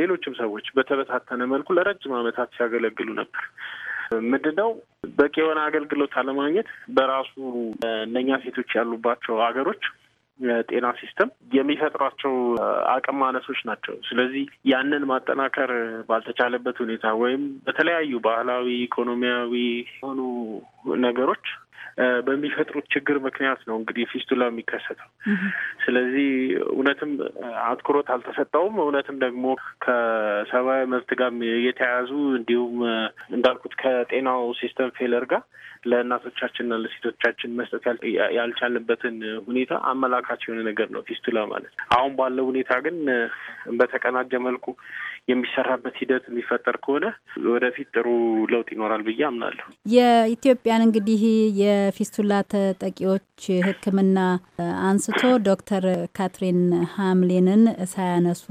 [SPEAKER 16] ሌሎችም ሰዎች በተበታተነ መልኩ ለረጅም ዓመታት ሲያገለግሉ ነበር። ምንድነው በቂ የሆነ አገልግሎት አለማግኘት በራሱ እነኛ ሴቶች ያሉባቸው ሀገሮች ጤና ሲስተም የሚፈጥሯቸው አቅም ማነሶች ናቸው። ስለዚህ ያንን ማጠናከር ባልተቻለበት ሁኔታ ወይም በተለያዩ ባህላዊ፣ ኢኮኖሚያዊ የሆኑ ነገሮች በሚፈጥሩት ችግር ምክንያት ነው እንግዲህ ፊስቱላ የሚከሰተው። ስለዚህ እውነትም አትኩሮት አልተሰጠውም። እውነትም ደግሞ ከሰብአዊ መብት ጋር የተያያዙ እንዲሁም እንዳልኩት ከጤናው ሲስተም ፌለር ጋር ለእናቶቻችንና ለሴቶቻችን መስጠት ያልቻልንበትን ሁኔታ አመላካች የሆነ ነገር ነው ፊስቱላ ማለት። አሁን ባለው ሁኔታ ግን በተቀናጀ መልኩ የሚሰራበት ሂደት የሚፈጠር ከሆነ ወደፊት ጥሩ ለውጥ ይኖራል ብዬ አምናለሁ።
[SPEAKER 10] የኢትዮጵያን እንግዲህ የፊስቱላ ተጠቂዎች ሕክምና አንስቶ ዶክተር ካትሪን ሀምሊንን ሳያነሱ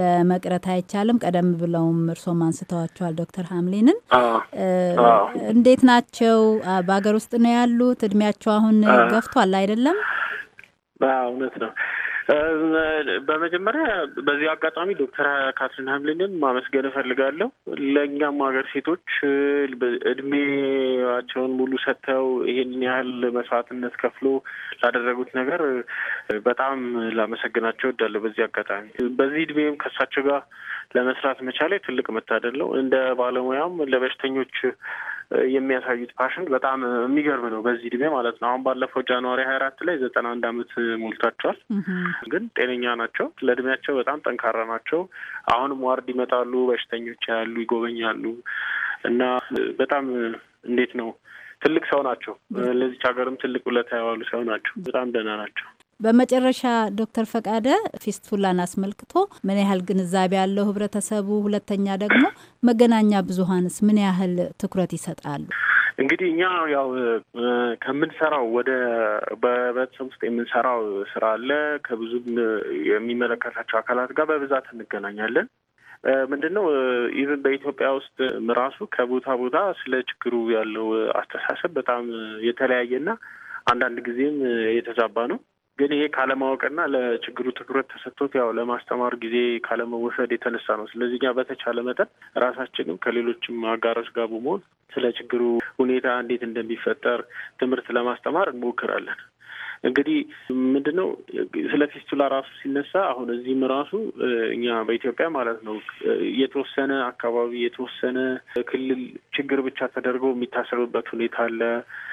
[SPEAKER 10] ለመቅረት አይቻልም። ቀደም ብለውም እርሶም አንስተዋቸዋል ዶክተር ሀምሊንን እንዴት ናቸው? በሀገር ውስጥ ነው ያሉት? እድሜያቸው አሁን ገፍቷል አይደለም?
[SPEAKER 16] እውነት ነው። በመጀመሪያ በዚህ አጋጣሚ ዶክተር ካትሪን ሀምሊንን ማመስገን እፈልጋለሁ። ለእኛም ሀገር ሴቶች እድሜያቸውን ሙሉ ሰጥተው ይሄንን ያህል መስዋዕትነት ከፍሎ ላደረጉት ነገር በጣም ላመሰግናቸው እወዳለሁ። በዚህ አጋጣሚ በዚህ እድሜም ከእሳቸው ጋር ለመስራት መቻሌ ትልቅ መታደል ነው። እንደ ባለሙያም ለበሽተኞች የሚያሳዩት ፓሽን በጣም የሚገርም ነው። በዚህ እድሜ ማለት ነው። አሁን ባለፈው ጃንዋሪ ሀያ አራት ላይ ዘጠና አንድ አመት ሞልቷቸዋል። ግን ጤነኛ ናቸው። ለእድሜያቸው በጣም ጠንካራ ናቸው። አሁንም ዋርድ ይመጣሉ፣ በሽተኞች ያሉ ይጎበኛሉ እና በጣም እንዴት ነው ትልቅ ሰው ናቸው። ለዚች ሀገርም ትልቅ ውለታ የዋሉ ሰው ናቸው። በጣም ደህና ናቸው።
[SPEAKER 10] በመጨረሻ ዶክተር ፈቃደ ፊስቱላን አስመልክቶ ምን ያህል ግንዛቤ ያለው ህብረተሰቡ፣ ሁለተኛ ደግሞ መገናኛ ብዙሀንስ ምን ያህል ትኩረት ይሰጣሉ?
[SPEAKER 16] እንግዲህ እኛ ያው ከምንሰራው ወደ በህብረተሰብ ውስጥ የምንሰራው ስራ አለ። ከብዙም የሚመለከታቸው አካላት ጋር በብዛት እንገናኛለን። ምንድን ነው ኢቨን በኢትዮጵያ ውስጥ ራሱ ከቦታ ቦታ ስለ ችግሩ ያለው አስተሳሰብ በጣም የተለያየና አንዳንድ ጊዜም የተዛባ ነው። ግን ይሄ ካለማወቅና ለችግሩ ትኩረት ተሰጥቶት ያው ለማስተማር ጊዜ ካለመወሰድ የተነሳ ነው። ስለዚህ እኛ በተቻለ መጠን ራሳችንም ከሌሎችም አጋሮች ጋር በመሆን ስለ ችግሩ ሁኔታ እንዴት እንደሚፈጠር ትምህርት ለማስተማር እንሞክራለን። እንግዲህ ምንድነው ስለ ፊስቱላ ራሱ ሲነሳ አሁን እዚህም ራሱ እኛ በኢትዮጵያ ማለት ነው የተወሰነ አካባቢ የተወሰነ ክልል ችግር ብቻ ተደርገው የሚታሰብበት ሁኔታ አለ።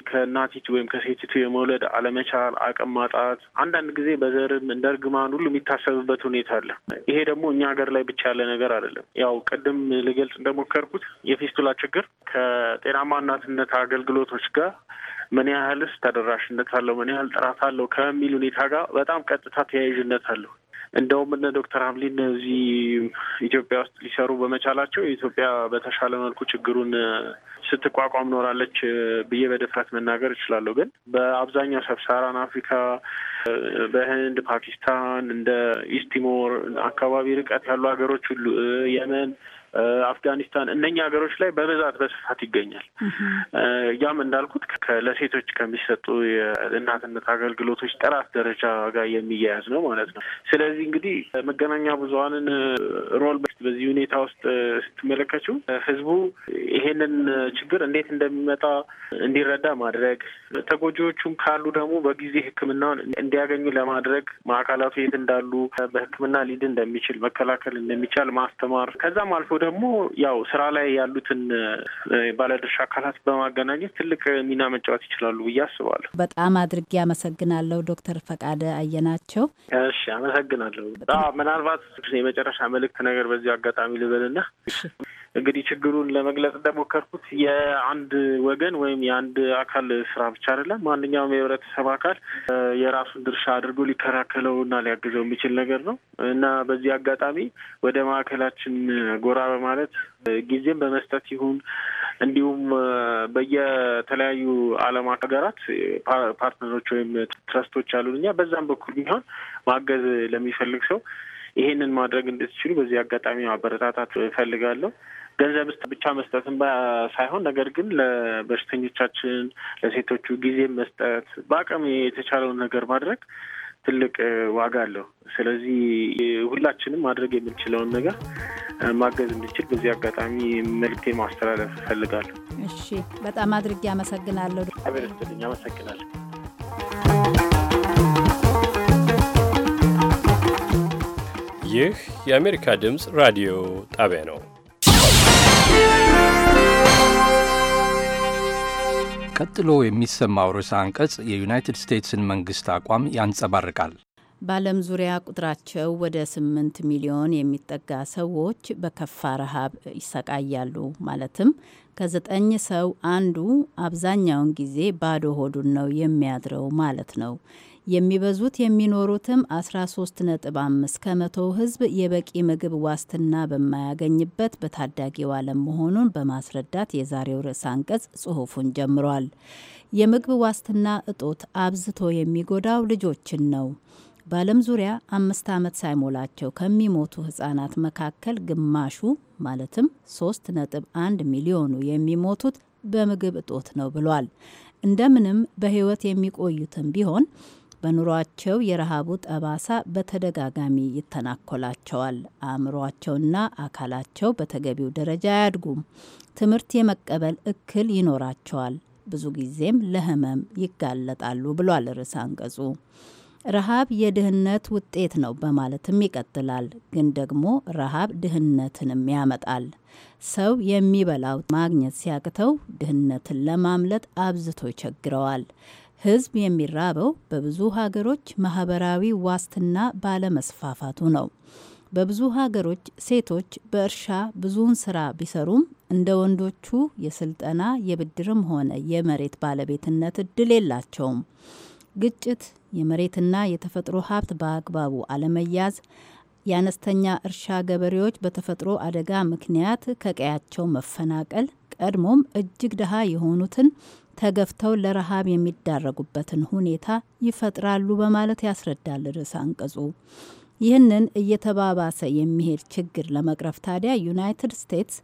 [SPEAKER 16] ከእናቲቱ ወይም ከሴቲቱ የመውለድ አለመቻል፣ አቅም ማጣት፣ አንዳንድ ጊዜ በዘርም እንደ እርግማን ሁሉ የሚታሰብበት ሁኔታ አለ። ይሄ ደግሞ እኛ ሀገር ላይ ብቻ ያለ ነገር አይደለም። ያው ቅድም ልገልጽ እንደሞከርኩት የፊስቱላ ችግር ከጤናማ እናትነት አገልግሎቶች ጋር ምን ያህልስ ተደራሽነት አለው፣ ምን ያህል ጥራት አለው ከሚል ሁኔታ ጋር በጣም ቀጥታ ተያያዥነት አለው። እንደውም እነ ዶክተር ሀምሊን እዚህ ኢትዮጵያ ውስጥ ሊሰሩ በመቻላቸው የኢትዮጵያ በተሻለ መልኩ ችግሩን ስትቋቋም ኖራለች ብዬ በድፍረት መናገር እችላለሁ። ግን በአብዛኛው ሰብሳራን አፍሪካ፣ በህንድ፣ ፓኪስታን፣ እንደ ኢስቲሞር አካባቢ ርቀት ያሉ ሀገሮች ሁሉ የመን አፍጋኒስታን እነኛ ሀገሮች ላይ በብዛት በስፋት ይገኛል። ያም እንዳልኩት ለሴቶች ከሚሰጡ የእናትነት አገልግሎቶች ጥራት ደረጃ ጋር የሚያያዝ ነው ማለት ነው። ስለዚህ እንግዲህ መገናኛ ብዙሀንን ሮል መንግስት በዚህ ሁኔታ ውስጥ ስትመለከቱ ህዝቡ ይሄንን ችግር እንዴት እንደሚመጣ እንዲረዳ ማድረግ፣ ተጎጂዎቹን ካሉ ደግሞ በጊዜ ህክምናውን እንዲያገኙ ለማድረግ ማዕከላቱ የት እንዳሉ በህክምና ሊድ እንደሚችል መከላከል እንደሚቻል ማስተማር፣ ከዛም አልፎ ደግሞ ያው ስራ ላይ ያሉትን ባለድርሻ አካላት በማገናኘት ትልቅ ሚና መጫወት ይችላሉ ብዬ አስባለሁ።
[SPEAKER 10] በጣም አድርጌ አመሰግናለሁ ዶክተር ፈቃደ አየናቸው።
[SPEAKER 16] እሺ አመሰግናለሁ። ምናልባት የመጨረሻ መልእክት ነገር በዚህ በዚህ አጋጣሚ ልበልልህ። እንግዲህ ችግሩን ለመግለጽ እንደሞከርኩት የአንድ ወገን ወይም የአንድ አካል ስራ ብቻ አይደለም። ማንኛውም የህብረተሰብ አካል የራሱን ድርሻ አድርጎ ሊከላከለውና ሊያግዘው የሚችል ነገር ነው እና በዚህ አጋጣሚ ወደ ማዕከላችን ጎራ በማለት ጊዜም በመስጠት ይሁን እንዲሁም በየተለያዩ ዓለም ሀገራት ፓርትነሮች ወይም ትረስቶች አሉን እኛ በዛም በኩል ቢሆን ማገዝ ለሚፈልግ ሰው ይሄንን ማድረግ እንድትችሉ በዚህ አጋጣሚ ማበረታታት እፈልጋለሁ። ገንዘብ ስጥ ብቻ መስጠትን ሳይሆን ነገር ግን ለበሽተኞቻችን፣ ለሴቶቹ ጊዜ መስጠት፣ በአቅም የተቻለውን ነገር ማድረግ ትልቅ ዋጋ አለው። ስለዚህ ሁላችንም ማድረግ የምንችለውን ነገር ማገዝ እንድችል በዚህ አጋጣሚ መልክቴ ማስተላለፍ እፈልጋለሁ።
[SPEAKER 10] እሺ፣ በጣም አድርጌ አመሰግናለሁ። አቤረስትልኝ አመሰግናለሁ።
[SPEAKER 3] ይህ የአሜሪካ ድምፅ ራዲዮ ጣቢያ ነው። ቀጥሎ የሚሰማው ርዕሰ አንቀጽ የዩናይትድ ስቴትስን መንግስት አቋም ያንጸባርቃል።
[SPEAKER 10] በዓለም ዙሪያ ቁጥራቸው ወደ 8 ሚሊዮን የሚጠጋ ሰዎች በከፋ ረሃብ ይሰቃያሉ። ማለትም ከዘጠኝ ሰው አንዱ አብዛኛውን ጊዜ ባዶ ሆዱን ነው የሚያድረው ማለት ነው። የሚበዙት የሚኖሩትም 13.5 ከመቶ ህዝብ የበቂ ምግብ ዋስትና በማያገኝበት በታዳጊው ዓለም መሆኑን በማስረዳት የዛሬው ርዕሰ አንቀጽ ጽሑፉን ጀምሯል። የምግብ ዋስትና እጦት አብዝቶ የሚጎዳው ልጆችን ነው። በዓለም ዙሪያ አምስት ዓመት ሳይሞላቸው ከሚሞቱ ህጻናት መካከል ግማሹ ማለትም 3.1 ሚሊዮኑ የሚሞቱት በምግብ እጦት ነው ብሏል። እንደምንም በህይወት የሚቆዩትም ቢሆን በኑሯቸው የረሃቡ ጠባሳ በተደጋጋሚ ይተናኮላቸዋል። አእምሯቸውና አካላቸው በተገቢው ደረጃ አያድጉም። ትምህርት የመቀበል እክል ይኖራቸዋል። ብዙ ጊዜም ለህመም ይጋለጣሉ ብሏል ርዕስ አንቀጹ። ረሃብ የድህነት ውጤት ነው በማለትም ይቀጥላል። ግን ደግሞ ረሃብ ድህነትንም ያመጣል። ሰው የሚበላው ማግኘት ሲያቅተው ድህነትን ለማምለጥ አብዝቶ ይቸግረዋል። ህዝብ የሚራበው በብዙ ሀገሮች ማህበራዊ ዋስትና ባለመስፋፋቱ ነው። በብዙ ሀገሮች ሴቶች በእርሻ ብዙውን ስራ ቢሰሩም እንደ ወንዶቹ የስልጠና የብድርም ሆነ የመሬት ባለቤትነት እድል የላቸውም። ግጭት፣ የመሬትና የተፈጥሮ ሀብት በአግባቡ አለመያዝ፣ የአነስተኛ እርሻ ገበሬዎች በተፈጥሮ አደጋ ምክንያት ከቀያቸው መፈናቀል ቀድሞም እጅግ ድሃ የሆኑትን ተገፍተው ለረሃብ የሚዳረጉበትን ሁኔታ ይፈጥራሉ በማለት ያስረዳል ርዕስ አንቀጹ። ይህንን እየተባባሰ የሚሄድ ችግር ለመቅረፍ ታዲያ ዩናይትድ ስቴትስ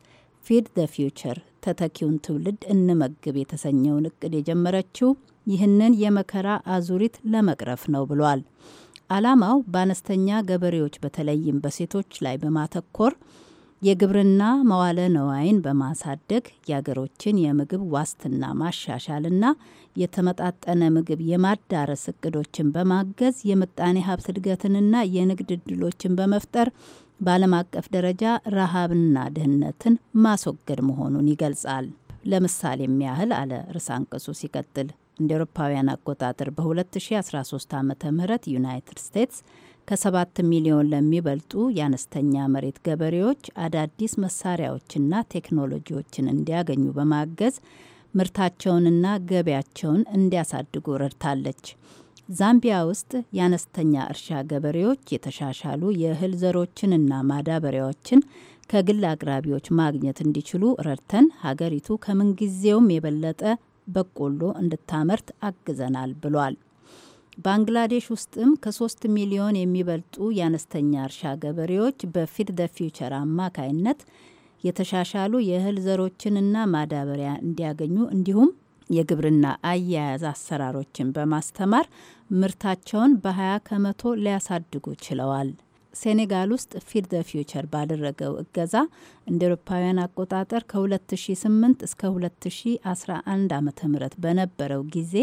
[SPEAKER 10] ፊድ ዘ ፊውቸር ተተኪውን ትውልድ እንመግብ የተሰኘውን እቅድ የጀመረችው ይህንን የመከራ አዙሪት ለመቅረፍ ነው ብሏል። ዓላማው በአነስተኛ ገበሬዎች በተለይም በሴቶች ላይ በማተኮር የግብርና መዋለ ነዋይን በማሳደግ የአገሮችን የምግብ ዋስትና ማሻሻልና የተመጣጠነ ምግብ የማዳረስ እቅዶችን በማገዝ የምጣኔ ሀብት እድገትንና የንግድ እድሎችን በመፍጠር በዓለም አቀፍ ደረጃ ረሃብና ድህነትን ማስወገድ መሆኑን ይገልጻል። ለምሳሌም ያህል አለ ርዕሰ አንቀጹ ሲቀጥል እንደ አውሮፓውያን አቆጣጠር በ2013 ዓ ም ዩናይትድ ስቴትስ ከሰባት ሚሊዮን ለሚበልጡ የአነስተኛ መሬት ገበሬዎች አዳዲስ መሳሪያዎችና ቴክኖሎጂዎችን እንዲያገኙ በማገዝ ምርታቸውንና ገበያቸውን እንዲያሳድጉ ረድታለች። ዛምቢያ ውስጥ የአነስተኛ እርሻ ገበሬዎች የተሻሻሉ የእህል ዘሮችንና ማዳበሪያዎችን ከግል አቅራቢዎች ማግኘት እንዲችሉ ረድተን ሀገሪቱ ከምንጊዜውም የበለጠ በቆሎ እንድታመርት አግዘናል ብሏል። ባንግላዴሽ ውስጥም ከሶስት ሚሊዮን የሚበልጡ የአነስተኛ እርሻ ገበሬዎች በፊድ ደ ፊውቸር አማካይነት የተሻሻሉ የእህል ዘሮችንና ማዳበሪያ እንዲያገኙ እንዲሁም የግብርና አያያዝ አሰራሮችን በማስተማር ምርታቸውን በ20 ከመቶ ሊያሳድጉ ችለዋል። ሴኔጋል ውስጥ ፊድ ደ ፊውቸር ባደረገው እገዛ እንደ ኤሮፓውያን አቆጣጠር ከ2008 እስከ 2011 ዓ ም በነበረው ጊዜ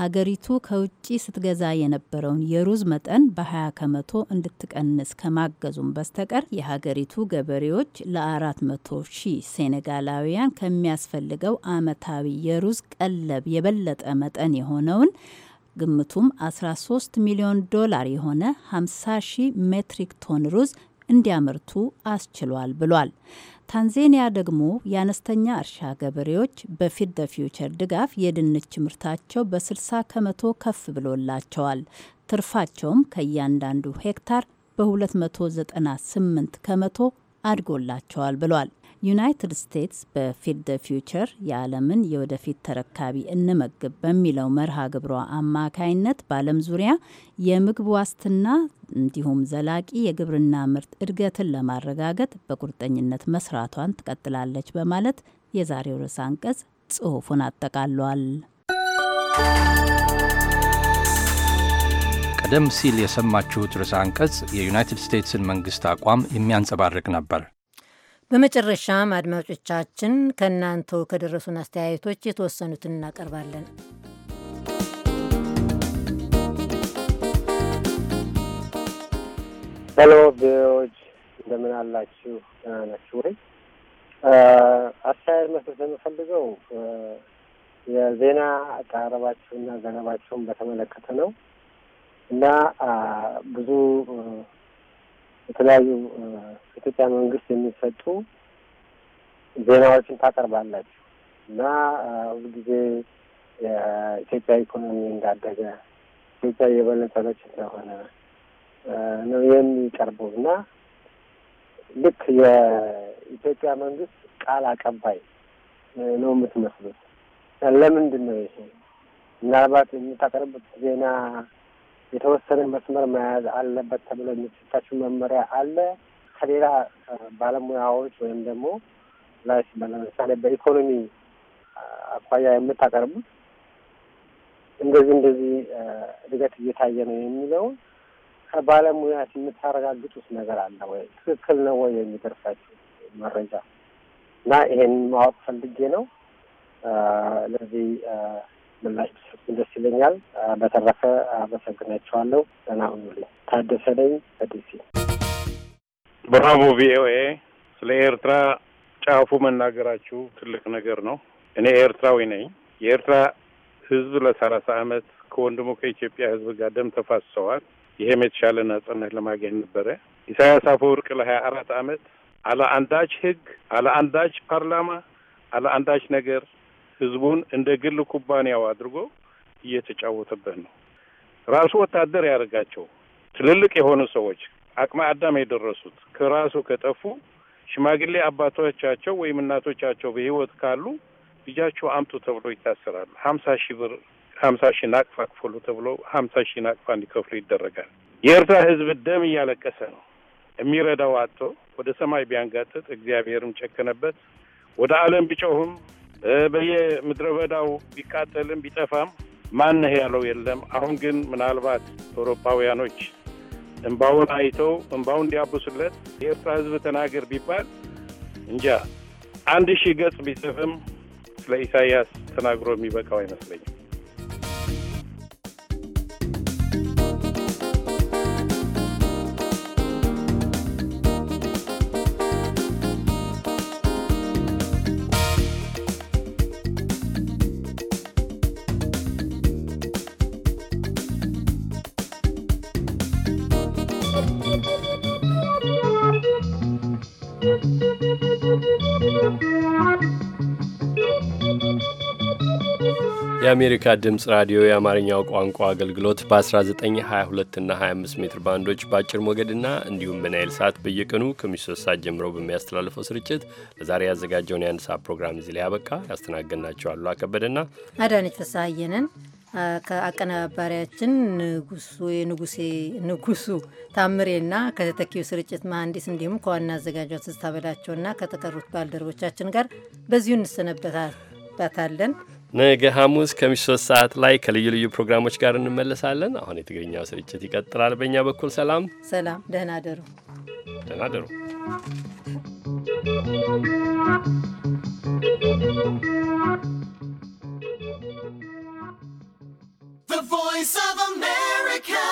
[SPEAKER 10] ሀገሪቱ ከውጭ ስትገዛ የነበረውን የሩዝ መጠን በ20 ከመቶ እንድትቀንስ ከማገዙም በስተቀር የሀገሪቱ ገበሬዎች ለ400 ሺህ ሴኔጋላውያን ከሚያስፈልገው አመታዊ የሩዝ ቀለብ የበለጠ መጠን የሆነውን ግምቱም 13 ሚሊዮን ዶላር የሆነ 50 ሺህ ሜትሪክ ቶን ሩዝ እንዲያመርቱ አስችሏል ብሏል። ታንዜኒያ ደግሞ የአነስተኛ እርሻ ገበሬዎች በፊድ ደ ፊውቸር ድጋፍ የድንች ምርታቸው በ60 ከመቶ ከፍ ብሎላቸዋል። ትርፋቸውም ከእያንዳንዱ ሄክታር በ298 ከመቶ አድጎላቸዋል ብሏል። ዩናይትድ ስቴትስ በፊልድ ደ ፊውቸር የዓለምን የወደፊት ተረካቢ እንመግብ በሚለው መርሃ ግብሯ አማካይነት በዓለም ዙሪያ የምግብ ዋስትና እንዲሁም ዘላቂ የግብርና ምርት እድገትን ለማረጋገጥ በቁርጠኝነት መስራቷን ትቀጥላለች በማለት የዛሬው ርዕሰ አንቀጽ ጽሑፉን አጠቃሏል።
[SPEAKER 3] ቀደም ሲል የሰማችሁት ርዕሰ አንቀጽ የዩናይትድ ስቴትስን መንግስት አቋም የሚያንጸባርቅ ነበር።
[SPEAKER 2] በመጨረሻም አድማጮቻችን ከእናንተው ከደረሱን አስተያየቶች የተወሰኑትን እናቀርባለን።
[SPEAKER 17] ሄሎ ቪዎች እንደምን አላችሁ? ደህና ናችሁ ወይ? አስተያየት መስጠት የምፈልገው የዜና አቀራረባችሁና ዘገባችሁን በተመለከተ ነው እና ብዙ የተለያዩ ኢትዮጵያ መንግስት የሚሰጡ ዜናዎችን ታቀርባላችሁ እና ሁልጊዜ የኢትዮጵያ ኢኮኖሚ እንዳደገ ኢትዮጵያ የበለጸገች እንደሆነ ነው የሚቀርበው እና ልክ የኢትዮጵያ መንግስት ቃል አቀባይ ነው የምትመስሉት። ለምንድን ነው ይሄ? ምናልባት የምታቀርቡት ዜና የተወሰነ መስመር መያዝ አለበት ተብሎ የሚሰጣችሁ መመሪያ አለ ከሌላ ባለሙያዎች ወይም ደግሞ ላይ ለምሳሌ በኢኮኖሚ አኳያ የምታቀርቡት እንደዚህ እንደዚህ እድገት እየታየ ነው የሚለውን ከባለሙያ የምታረጋግጡት ነገር አለ ወይ? ትክክል ነው ወይ የሚደርሳችሁ መረጃ እና ይሄን ማወቅ ፈልጌ ነው ለዚህ ምላሽ ብሰጡን ደስ ይለኛል። በተረፈ አመሰግናቸዋለሁ። ደህና ሁኑልኝ። ታደሰ ነኝ
[SPEAKER 18] ከዲሲ። ብራቮ ቪኦኤ። ስለ ኤርትራ ጫፉ መናገራችሁ ትልቅ ነገር ነው። እኔ ኤርትራዊ ነኝ። የኤርትራ ህዝብ ለሰላሳ አመት ከወንድሙ ከኢትዮጵያ ህዝብ ጋር ደም ተፋሰዋል። ይሄም የተሻለ ነጻነት ለማግኘት ነበረ። ኢሳያስ አፈወርቅ ለሀያ አራት አመት አለ አንዳች ሕግ አለ አንዳች ፓርላማ አለ አንዳች ነገር ህዝቡን እንደ ግል ኩባንያው አድርጎ እየተጫወተበት ነው። ራሱ ወታደር ያደርጋቸው ትልልቅ የሆኑ ሰዎች አቅመ አዳም የደረሱት ከራሱ ከጠፉ ሽማግሌ አባቶቻቸው ወይም እናቶቻቸው በህይወት ካሉ ልጃቸው አምጡ ተብሎ ይታሰራሉ። ሀምሳ ሺህ ብር ሀምሳ ሺህ ናቅፋ ክፈሉ ተብሎ ሀምሳ ሺህ ናቅፋ እንዲከፍሉ ይደረጋል። የኤርትራ ህዝብ ደም እያለቀሰ ነው። የሚረዳው አጥቶ ወደ ሰማይ ቢያንጋጥጥ እግዚአብሔርም ጨከነበት። ወደ ዓለም ቢጮህም በየምድረ በዳው ቢቃጠልም ቢጠፋም ማነህ ያለው የለም። አሁን ግን ምናልባት አውሮፓውያኖች እንባውን አይተው እንባውን እንዲያብሱለት የኤርትራ ሕዝብ ተናገር ቢባል እንጃ አንድ ሺህ ገጽ ቢጽፍም ስለ ኢሳያስ ተናግሮ የሚበቃው አይመስለኝም።
[SPEAKER 3] የአሜሪካ ድምፅ ራዲዮ የአማርኛው ቋንቋ አገልግሎት በ1922 እና 25 ሜትር ባንዶች በአጭር ሞገድና እንዲሁም በናይል ሰዓት በየቀኑ ከምሽቱ ሶስት ሰዓት ጀምሮ በሚያስተላልፈው ስርጭት ለዛሬ ያዘጋጀውን የአንድ ሰዓት ፕሮግራም እዚህ ላይ ያበቃ። ያስተናገድናቸው አሉ አከበደና
[SPEAKER 2] አዳነች ተሳየንን ከአቀናባሪያችን ንጉሱ ታምሬና ከተተኪው ስርጭት መሐንዲስ እንዲሁም ከዋና አዘጋጇ ትዝታ በላቸውና ከተቀሩት ባልደረቦቻችን ጋር በዚሁ እንሰነበታለን።
[SPEAKER 3] ነገ ሐሙስ ከምሽቱ ሶስት ሰዓት ላይ ከልዩ ልዩ ፕሮግራሞች ጋር እንመለሳለን። አሁን የትግርኛው ስርጭት ይቀጥላል። በእኛ በኩል ሰላም
[SPEAKER 2] ሰላም፣ ደህና ደሩ፣
[SPEAKER 3] ደህና ደሩ።
[SPEAKER 13] The Voice of America